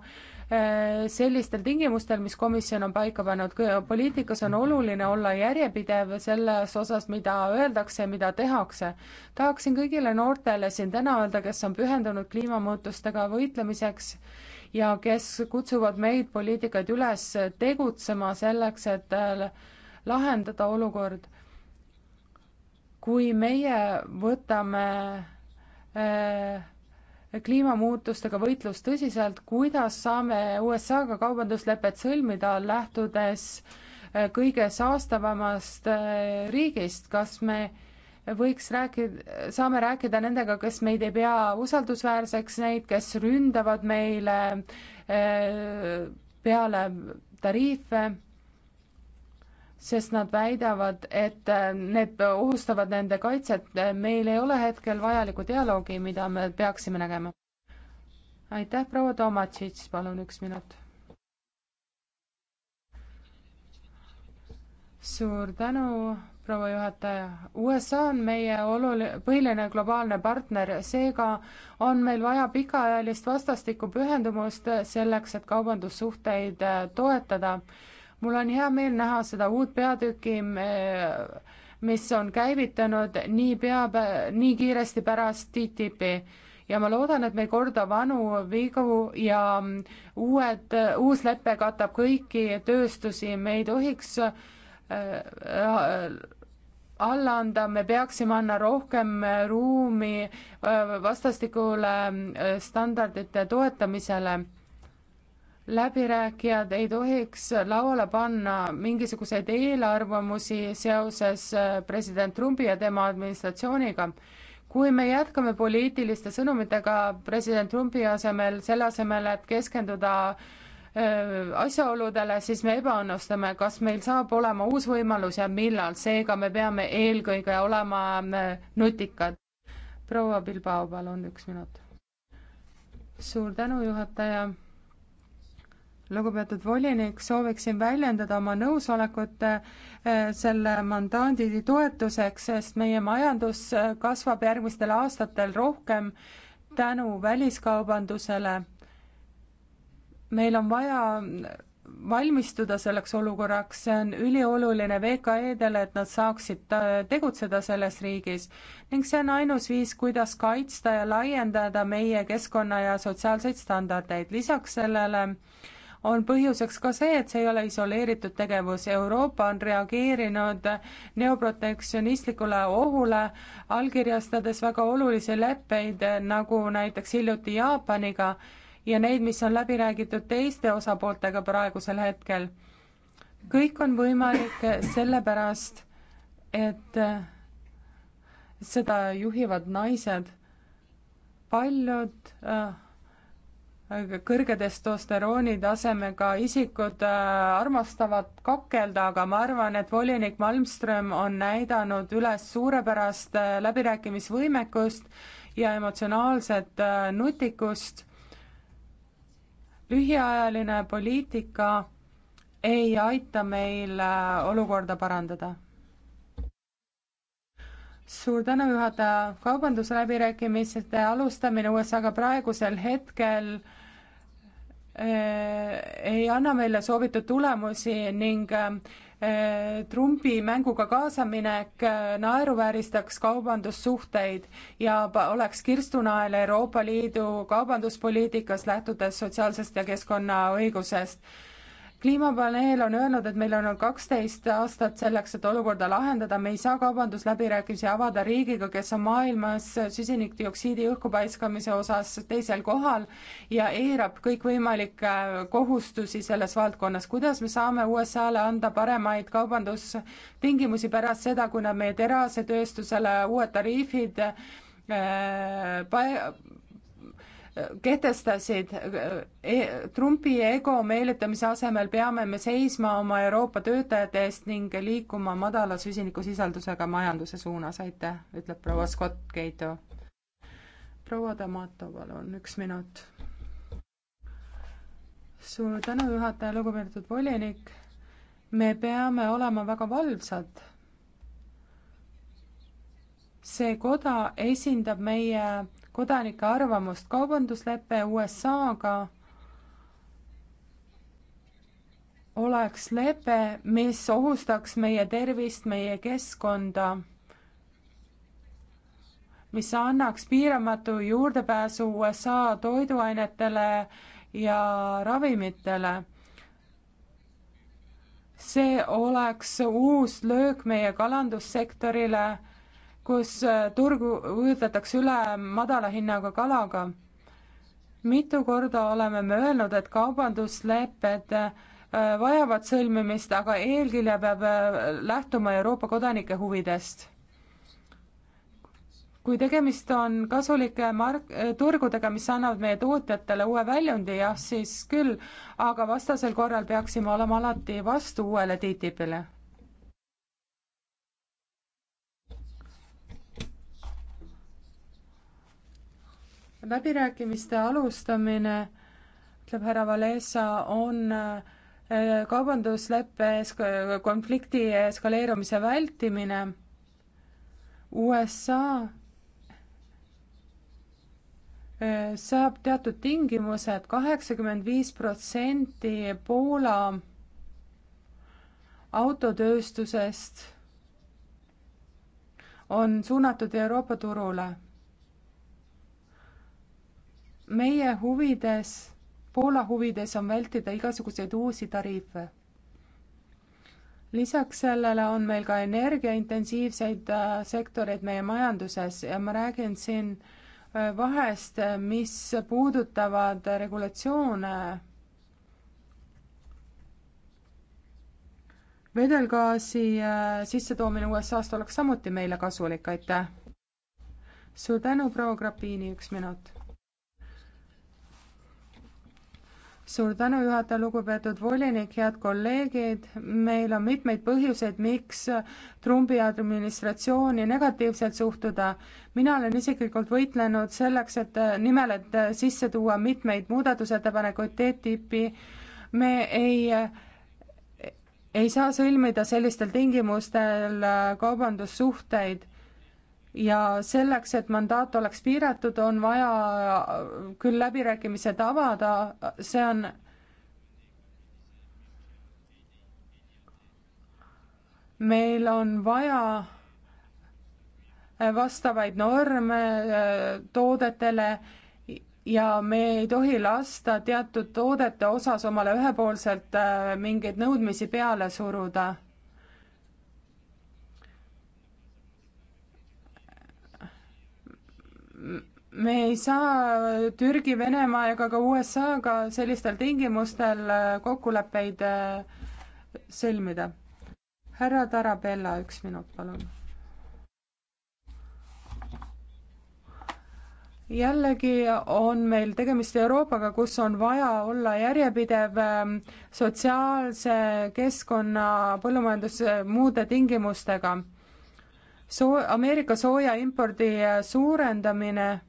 S3: äh, sellistel tingimustel, mis komisjon on paika pannud. poliitikas on oluline olla järjepidev selles osas, mida öeldakse ja mida tehakse. tahaksin kõigile noortele siin täna öelda, kes on pühendunud kliimamuutustega võitlemiseks ja kes kutsuvad meid, poliitikaid, üles tegutsema selleks, et äh, lahendada olukord. kui meie võtame äh, kliimamuutustega võitlust tõsiselt, kuidas saame USA-ga kaubanduslepet sõlmida, lähtudes äh, kõige saastavamast äh, riigist, kas me võiks rääkida, saame rääkida nendega, kes meid ei pea usaldusväärseks, neid, kes ründavad meile äh, peale tariife sest nad väidavad, et äh, need ohustavad nende kaitset. meil ei ole hetkel vajalikku dialoogi, mida me peaksime nägema. aitäh, proua Tomatšits, palun üks minut. suur tänu, proua juhataja. USA on meie oluline, põhiline globaalne partner, seega on meil vaja pikaajalist vastastikku pühendumust selleks, et kaubandussuhteid äh, toetada mul on hea meel näha seda uut peatükki, mis on käivitanud nii pea, nii kiiresti pärast TTIP-i ja ma loodan, et me ei korda vanu vigu ja uued, uus lepe katab kõiki tööstusi, me ei tohiks äh, äh alla anda, me peaksime andma rohkem ruumi äh, vastastikule äh, standardite toetamisele läbirääkijad ei tohiks lauale panna mingisuguseid eelarvamusi seoses äh, president Trumpi ja tema administratsiooniga. kui me jätkame poliitiliste sõnumitega president Trumpi asemel, selle asemel, et keskenduda äh, asjaoludele, siis me ebaõnnestume, kas meil saab olema uus võimalus ja millal, seega me peame eelkõige olema äh, nutikad. proua Bilbao, palun üks minut. suur tänu, juhataja lugupeetud volinik, sooviksin väljendada oma nõusolekut eh, selle mandaadi toetuseks, sest meie majandus eh, kasvab järgmistel aastatel rohkem tänu väliskaubandusele. meil on vaja eh, valmistuda selleks olukorraks, see on ülioluline VKE-dele, et nad saaksid tegutseda selles riigis ning see on ainus viis, kuidas kaitsta ja laiendada meie keskkonna ja sotsiaalseid standardeid. lisaks sellele äh, on põhjuseks ka see, et see ei ole isoleeritud tegevus. Euroopa on reageerinud neoprotektsionistlikule ohule, allkirjastades väga olulisi leppeid, nagu näiteks hiljuti Jaapaniga ja neid, mis on läbi räägitud teiste osapooltega praegusel hetkel. kõik on võimalik sellepärast, et seda juhivad naised. paljud äh, kõrge testosterooni tasemega isikud äh, armastavad kakelda, aga ma arvan, et volinik Malmström on näidanud üles suurepärast äh, läbirääkimisvõimekust ja emotsionaalset äh, nutikust. lühiajaline poliitika ei aita meil olukorda parandada suur tänu, juhataja. kaubandusläbirääkimiste alustamine USA-ga praegusel hetkel eh, ei anna meile soovitud tulemusi ning eh, Trumpi mänguga kaasaminek eh, naeruvääristaks kaubandussuhteid ja oleks kirstunael Euroopa Liidu kaubanduspoliitikas, lähtudes sotsiaalsest ja keskkonnaõigusest kliimapaneel on öelnud, et meil on kaksteist aastat selleks, et olukorda lahendada, me ei saa kaubandusläbirääkimisi avada riigiga, kes on maailmas süsinikdioksiidi õhku paiskamise osas teisel kohal ja eirab kõikvõimalikke kohustusi selles valdkonnas. kuidas me saame USA-le anda paremaid kaubandustingimusi pärast seda, kui nad meie terasetööstusele uued tariifid äh, kehtestasid e, Trumpi ego meelitamise asemel peame me seisma oma Euroopa töötajate eest ning liikuma madala süsinikusisaldusega majanduse suunas, aitäh, ütleb proua Scott Keito. proua Damato, palun, üks minut. suur tänu, juhataja, lugupeetud volinik. me peame olema väga valvsad. see koda esindab meie kodanike arvamust. kaubanduslepe USA-ga oleks lepe, mis ohustaks meie tervist, meie keskkonda, mis annaks piiramatu juurdepääsu USA toiduainetele ja ravimitele. see oleks uus löök meie kalandussektorile kus äh, turgu ujutatakse üle madala hinnaga kalaga. mitu korda oleme me öelnud, et kaubanduslepped äh, vajavad sõlmimist, aga eelkõige peab äh, lähtuma Euroopa kodanike huvidest kui tegemist on kasulike mark-, turgudega, mis annavad meie tootjatele uue väljundi, jah, siis küll, aga vastasel korral peaksime olema alati vastu uuele TTIP-ile. läbirääkimiste alustamine, ütleb härra Valesa, on äh, kaubandusleppe konflikti eskaleerumise vältimine. USA äh, saab teatud tingimused, kaheksakümmend viis protsenti Poola autotööstusest on suunatud Euroopa turule meie huvides, Poola huvides on vältida igasuguseid uusi tariife. lisaks sellele on meil ka energiaintensiivseid äh, sektoreid meie majanduses ja ma räägin siin äh, vahest, äh, mis puudutavad regulatsioone vedelgaasi sissetoomine USA-st oleks samuti meile kasulik, aitäh. suur tänu, proua Grapini, üks minut. suur tänu, juhataja, lugupeetud volinik, head kolleegid. meil on mitmeid põhjuseid, miks Trumpi administratsiooni negatiivselt suhtuda. mina olen isiklikult võitlenud selleks, et nimel, et sisse tuua mitmeid muudatusettepanekuid TTIP-i. me ei ei saa sõlmida sellistel tingimustel kaubandussuhteid ja selleks, et mandaat oleks piiratud, on vaja küll läbirääkimised avada, see on meil on vaja vastavaid norme äh, toodetele ja me ei tohi lasta teatud toodete osas omale ühepoolselt äh, mingeid nõudmisi peale suruda me ei saa Türgi, Venemaa ega ka USA-ga sellistel tingimustel äh, kokkuleppeid äh, sõlmida. härra Tarabella, üks minut, palun. jällegi on meil tegemist Euroopaga, kus on vaja olla järjepidev ähm, sotsiaalse keskkonna, põllumajanduse, muude tingimustega soo-, Ameerika sooja impordi äh, suurendamine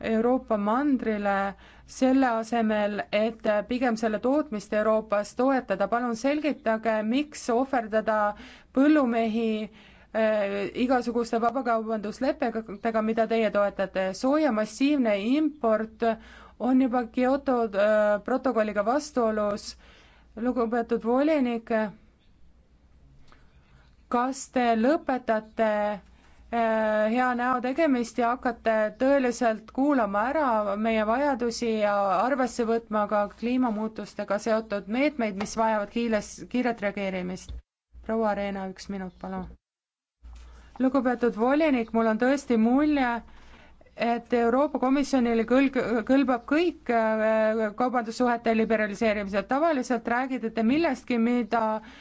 S3: Euroopa mandrile, selle asemel, et äh, pigem selle tootmist Euroopas toetada, palun selgitage, miks ohverdada põllumehi äh, igasuguste vabakaubanduslepetega, mida teie toetate. sooja massiivne import on juba Kyoto äh, protokolliga vastuolus. lugupeetud volinik kas te lõpetate äh, hea näo tegemist ja hakkate tõeliselt kuulama ära meie vajadusi ja arvesse võtma ka kliimamuutustega seotud meetmeid, mis vajavad kiires, kiiret reageerimist. proua Reena, üks minut, palun. lugupeetud volinik, mul on tõesti mulje, et Euroopa Komisjonile kõlg-, kõlbab kõik äh, kaubandussuhete liberaliseerimised, tavaliselt räägite te millestki, mida äh,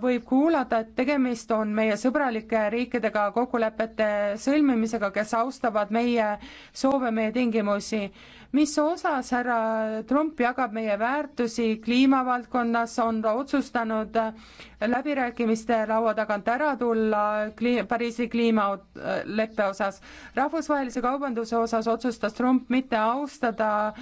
S3: võib kuulata, et tegemist on meie sõbralike riikidega kokkulepete sõlmimisega, kes austavad meie soove, meie tingimusi. mis osas härra Trump jagab meie väärtusi kliimavaldkonnas, on ta otsustanud läbirääkimiste laua tagant ära tulla kli-, Pariisi kliimaleppe osas. rahvusvahelise kaubanduse osas otsustas Trump mitte austada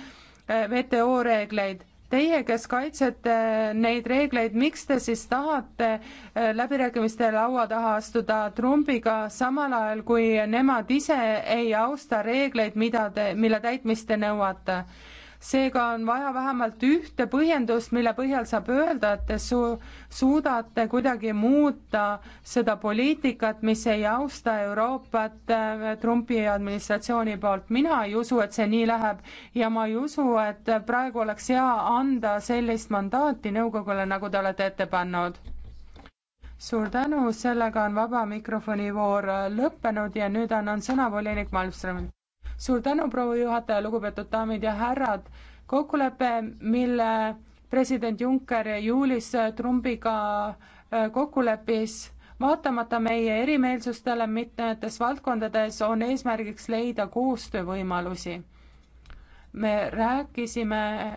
S3: WTO reegleid Teie, kes kaitsete neid reegleid, miks te siis tahate äh, läbirääkimiste laua taha astuda Trumpiga, samal ajal kui nemad ise ei austa reegleid, mida te, mille täitmist te nõuate? seega on vaja vähemalt ühte põhjendust, mille põhjal saab öelda, et te su-, suudate kuidagi muuta seda poliitikat, mis ei austa Euroopat äh, Trumpi administratsiooni poolt. mina ei usu, et see nii läheb ja ma ei usu, et praegu oleks hea anda sellist mandaati nõukogule, nagu te olete ette pannud suur tänu, sellega on vaba mikrofoni voor äh, lõppenud ja nüüd annan sõna volinik Malmströmile suur tänu, proua juhataja, lugupeetud daamid ja härrad. kokkulepe, mille president Juncker juulis Trumpiga äh, kokku leppis vaatamata meie erimeelsustele mitmetes valdkondades on eesmärgiks leida koostöövõimalusi me rääkisime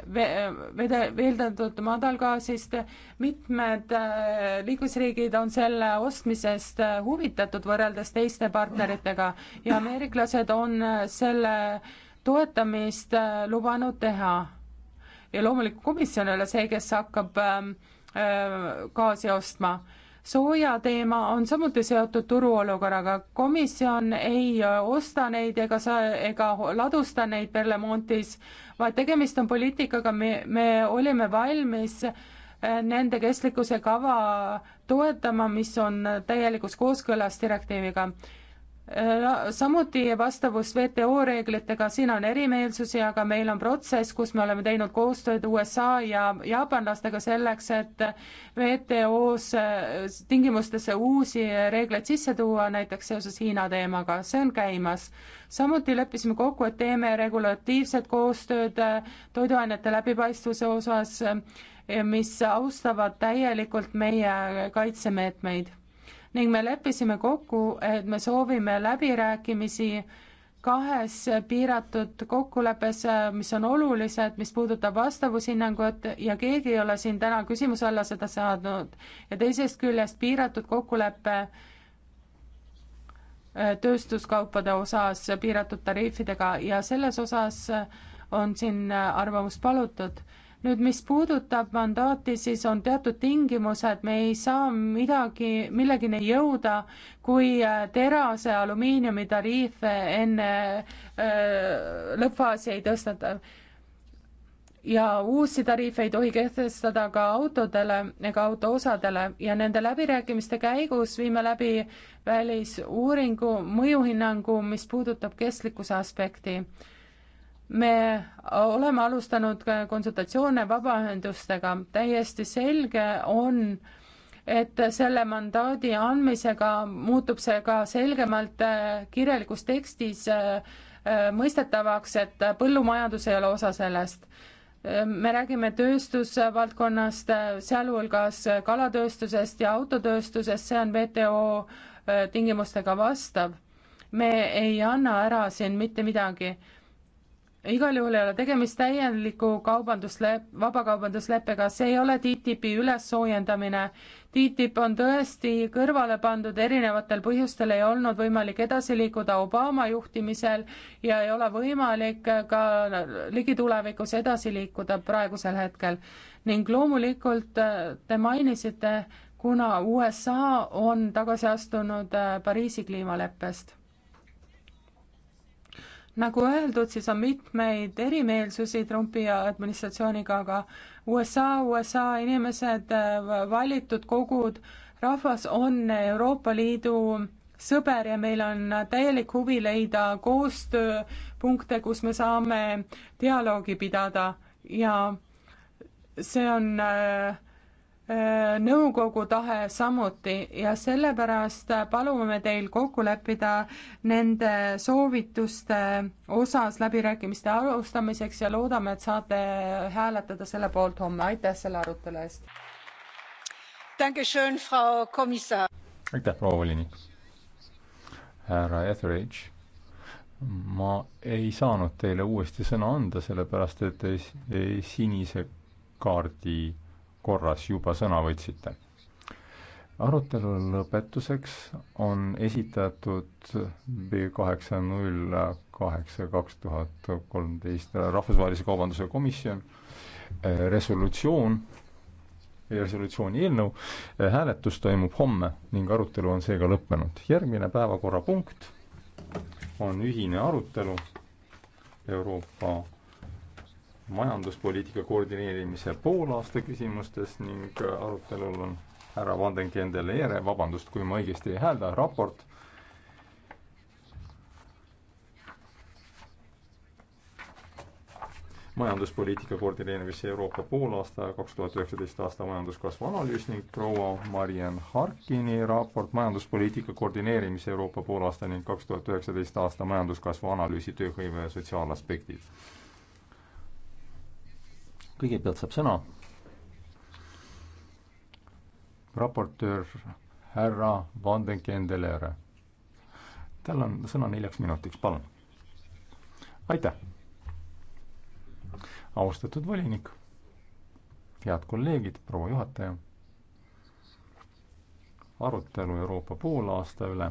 S3: vede, veeldatud madalgaasist, mitmed äh, liikmesriigid on selle ostmisest äh, huvitatud võrreldes teiste partneritega ja ameeriklased on äh, selle toetamist lubanud teha. ja loomulikult komisjon ei ole see, kes hakkab ähm, gaasi ostma sooja teema on samuti seotud turuolukorraga, komisjon ei osta neid ega sa, ega ladusta neid Berlemontis, vaid tegemist on poliitikaga, me, me olime valmis eh, nende kestlikkuse kava toetama, mis on täielikus kooskõlas direktiiviga Äh, samuti vastavus WTO reeglitega, siin on erimeelsusi, aga meil on protsess, kus me oleme teinud koostööd USA ja jaapanlastega selleks, et WTO-s äh, tingimustesse uusi reegleid sisse tuua, näiteks seoses Hiina teemaga, see on käimas. samuti leppisime kokku, et teeme regulatiivset koostööd äh, toiduainete läbipaistvuse osas, mis austavad täielikult meie kaitsemeetmeid ning me leppisime kokku, et me soovime läbirääkimisi kahes piiratud kokkuleppes, mis on olulised, mis puudutab vastavushinnangut ja keegi ei ole siin täna küsimuse alla seda saanud. ja teisest küljest piiratud kokkulepe äh, tööstuskaupade osas piiratud tariifidega ja selles osas äh, on siin äh, arvamust palutud nüüd, mis puudutab mandaati, siis on teatud tingimused, me ei saa midagi, millegini jõuda, kui äh, terase, alumiiniumi tariife enne öö, äh, lõppfaasi ei tõsteta. ja uusi tariife ei tohi kehtestada ka autodele ega autoosadele ja nende läbirääkimiste käigus viime läbi välisuuringu mõjuhinnangu, mis puudutab kestlikkuse aspekti me oleme alustanud konsultatsioone vabaühendustega, täiesti selge on, et selle mandaadi andmisega muutub see ka selgemalt äh, kirjalikus tekstis äh, äh, mõistetavaks, et põllumajandus ei ole osa sellest. me räägime tööstusvaldkonnast, sealhulgas kalatööstusest ja autotööstusest, see on WTO tingimustega vastav. me ei anna ära siin mitte midagi igal juhul ei ole tegemist täieliku kaubandusle-, vabakaubandusleppega, see ei ole TTIP-i ülessoojendamine. TTIP on tõesti kõrvale pandud, erinevatel põhjustel ei olnud võimalik edasi liikuda Obama juhtimisel ja ei ole võimalik ka ligitulevikus edasi liikuda praegusel hetkel. ning loomulikult äh, te mainisite, kuna USA on tagasi astunud äh, Pariisi kliimaleppest nagu öeldud, siis on mitmeid erimeelsusi Trumpi administratsiooniga, aga USA, USA inimesed, valitud kogud, rahvas on Euroopa Liidu sõber ja meil on täielik huvi leida koostööpunkte, kus me saame dialoogi pidada ja see on äh, nõukogu tahe samuti ja sellepärast palume teil kokku leppida nende soovituste osas läbirääkimiste alustamiseks ja loodame, et saate hääletada selle poolt homme. aitäh selle arutelu eest.
S2: aitäh, proua volinik. härra Etheridge, ma ei saanud teile uuesti sõna anda, sellepärast et sinise kaardi korras juba sõna võtsite. arutelu lõpetuseks on esitatud B kaheksa null kaheksa kaks tuhat kolmteist Rahvusvahelise Kaubanduse Komisjon eh, resolutsioon, resolutsiooni eelnõu, eh, hääletus toimub homme ning arutelu on seega lõppenud. järgmine päevakorrapunkt on ühine arutelu Euroopa majanduspoliitika koordineerimise poolaasta küsimustes ning arutelul on härra Vandenkendel Eere, vabandust, kui ma õigesti ei häälda, raport majanduspoliitika koordineerimise Euroopa poolaasta kaks tuhat üheksateist aasta majanduskasvu analüüs ning proua Mariann Harkini raport majanduspoliitika koordineerimise Euroopa poolaasta ning kaks tuhat üheksateist aasta majanduskasvu analüüsi tööhõive ja sotsiaalaspektid kõigepealt saab sõna raportöör härra Van den Kendelere. tal on sõna neljaks minutiks, palun. aitäh. austatud volinik, head kolleegid, proua juhataja. arutelu Euroopa poolaasta üle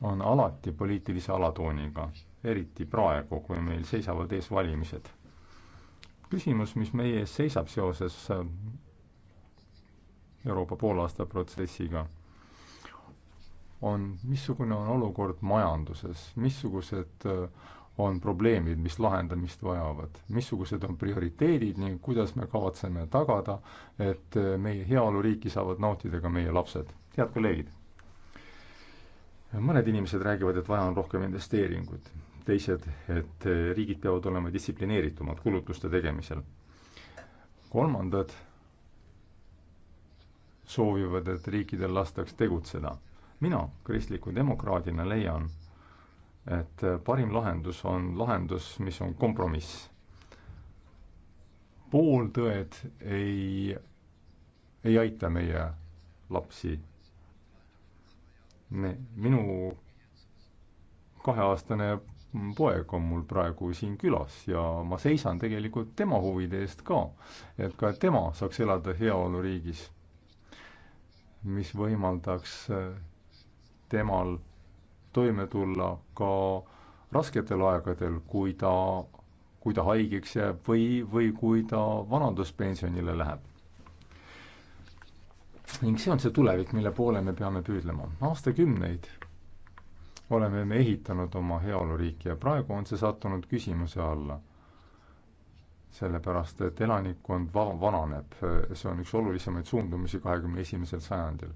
S2: on alati poliitilise alatooniga, eriti praegu, kui meil seisavad ees valimised küsimus, mis meie ees seisab seoses äh, Euroopa poolaasta protsessiga, on, missugune on olukord majanduses, missugused äh, on probleemid, mis lahendamist vajavad, missugused on prioriteedid ning kuidas me kavatseme tagada, et äh, meie heaoluriiki saavad nautida ka meie lapsed. head kolleegid, mõned inimesed räägivad, et vaja on rohkem investeeringuid teised, et eh, riigid peavad olema distsiplineeritumad kulutuste tegemisel. kolmandad soovivad, et riikidel lastaks tegutseda. mina kristliku demokraadina leian, et eh, parim lahendus on lahendus, mis on kompromiss. pooltõed ei, ei aita meie lapsi. minu kaheaastane poeg on mul praegu siin külas ja ma seisan tegelikult tema huvide eest ka, et ka tema saaks elada heaoluriigis, mis võimaldaks eh, temal toime tulla ka rasketel aegadel, kui ta, kui ta haigeks jääb või, või kui ta vanaduspensionile läheb. ning see on see tulevik, mille poole me peame püüdlema. aastakümneid oleme me ehitanud oma heaoluriiki ja praegu on see sattunud küsimuse alla. sellepärast, et elanikkond va-, vananeb, see on üks olulisemaid suundumusi kahekümne esimesel sajandil.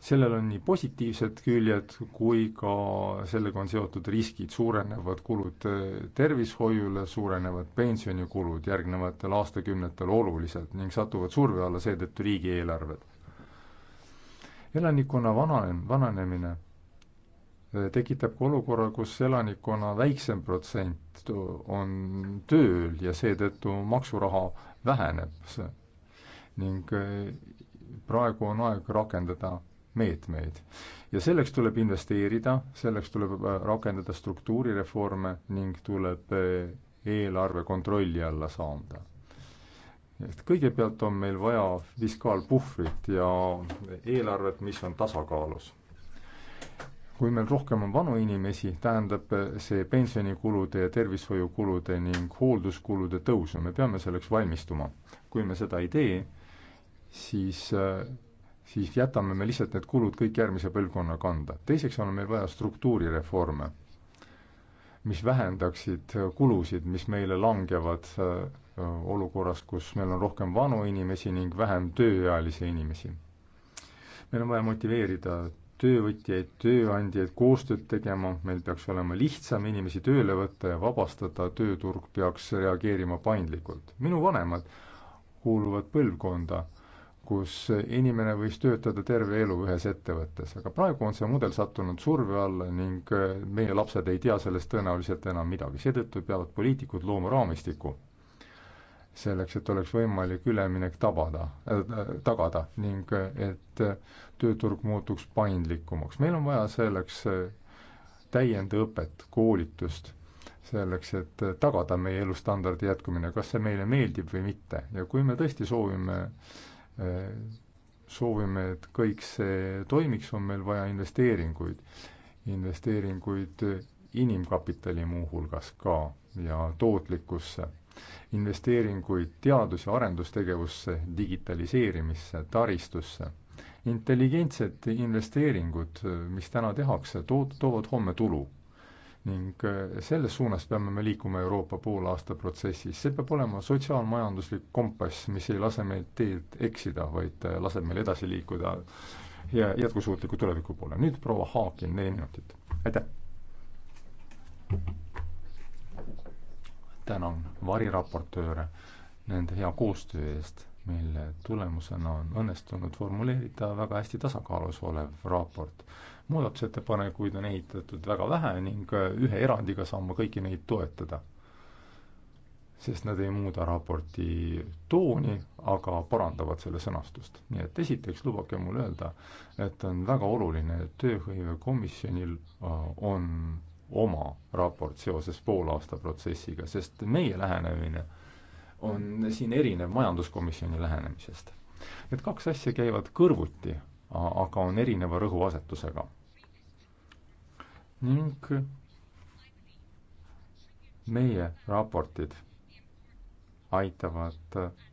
S2: sellel on nii positiivsed küljed kui ka sellega on seotud riskid, suurenevad kulud eh, tervishoiule, suurenevad pensionikulud järgnevatel aastakümnetel oluliselt ning satuvad surve alla seetõttu riigieelarved. elanikkonna vananem-, vananemine tekitab ka olukorra, kus elanikkonna väiksem protsent on tööl ja seetõttu maksuraha väheneb. ning eh, praegu on aeg rakendada meetmeid. ja selleks tuleb investeerida, selleks tuleb eh, rakendada struktuurireforme ning tuleb eh, eelarve kontrolli alla saada. et kõigepealt on meil vaja fiskaalpuhvrit ja eelarvet, mis on tasakaalus kui meil rohkem on vanu inimesi, tähendab eh, see pensionikulude ja tervishoiukulude ning hoolduskulude tõusu, me peame selleks valmistuma. kui me seda ei tee, siis, eh, siis jätame me lihtsalt need kulud kõik järgmise põlvkonna kanda. teiseks on meil vaja struktuurireforme, mis vähendaksid eh, kulusid, mis meile langevad olukorras, kus meil on rohkem vanu inimesi ning vähem tööealisi inimesi. meil on vaja motiveerida töövõtjaid, tööandjaid koostööd tegema, meil peaks olema lihtsam inimesi tööle võtta ja vabastada, tööturg peaks reageerima paindlikult. minu vanemad kuuluvad põlvkonda, kus inimene võis töötada terve elu ühes ettevõttes, aga praegu on see mudel sattunud surve alla ning meie lapsed ei tea sellest tõenäoliselt enam midagi, seetõttu peavad poliitikud looma raamistiku selleks, et oleks võimalik üleminek tabada äh,, tagada ning äh, et äh, tööturg muutuks paindlikumaks. meil on vaja selleks äh, täiendõpet, koolitust, selleks, et tagada meie elustandardi jätkumine, kas see meile meeldib või mitte. ja kui me tõesti soovime soovime, et kõik see toimiks, on meil vaja investeeringuid. investeeringuid inimkapitali muuhulgas ka ja tootlikkusse investeeringuid teadus- ja arendustegevusse, digitaliseerimisse, taristusse. intelligentsed investeeringud, mis täna tehakse, tood-, toovad homme tulu. ning eh, selles suunas peame me liikuma Euroopa poolaasta protsessis, see peab olema sotsiaalmajanduslik kompass, mis ei lase meil teed eksida, vaid eh, laseb meil edasi liikuda ja jätkusuutliku tuleviku poole. nüüd proua Haakin, neli minutit, aitäh! tänan variraportööre nende hea koostöö eest, mille tulemusena on õnnestunud formuleerida väga hästi tasakaalus olev raport. muudatusettepanekuid on ehitatud väga vähe ning ühe erandiga saan ma kõiki neid toetada. sest nad ei muuda raporti tooni, aga parandavad selle sõnastust. nii et esiteks lubage mul öelda, et on väga oluline, et tööhõivekomisjonil äh, on oma raport seoses poolaasta protsessiga, sest meie lähenemine on siin erinev majanduskomisjoni lähenemisest. Need kaks asja käivad kõrvuti, aga on erineva rõhuasetusega. ning meie raportid aitavad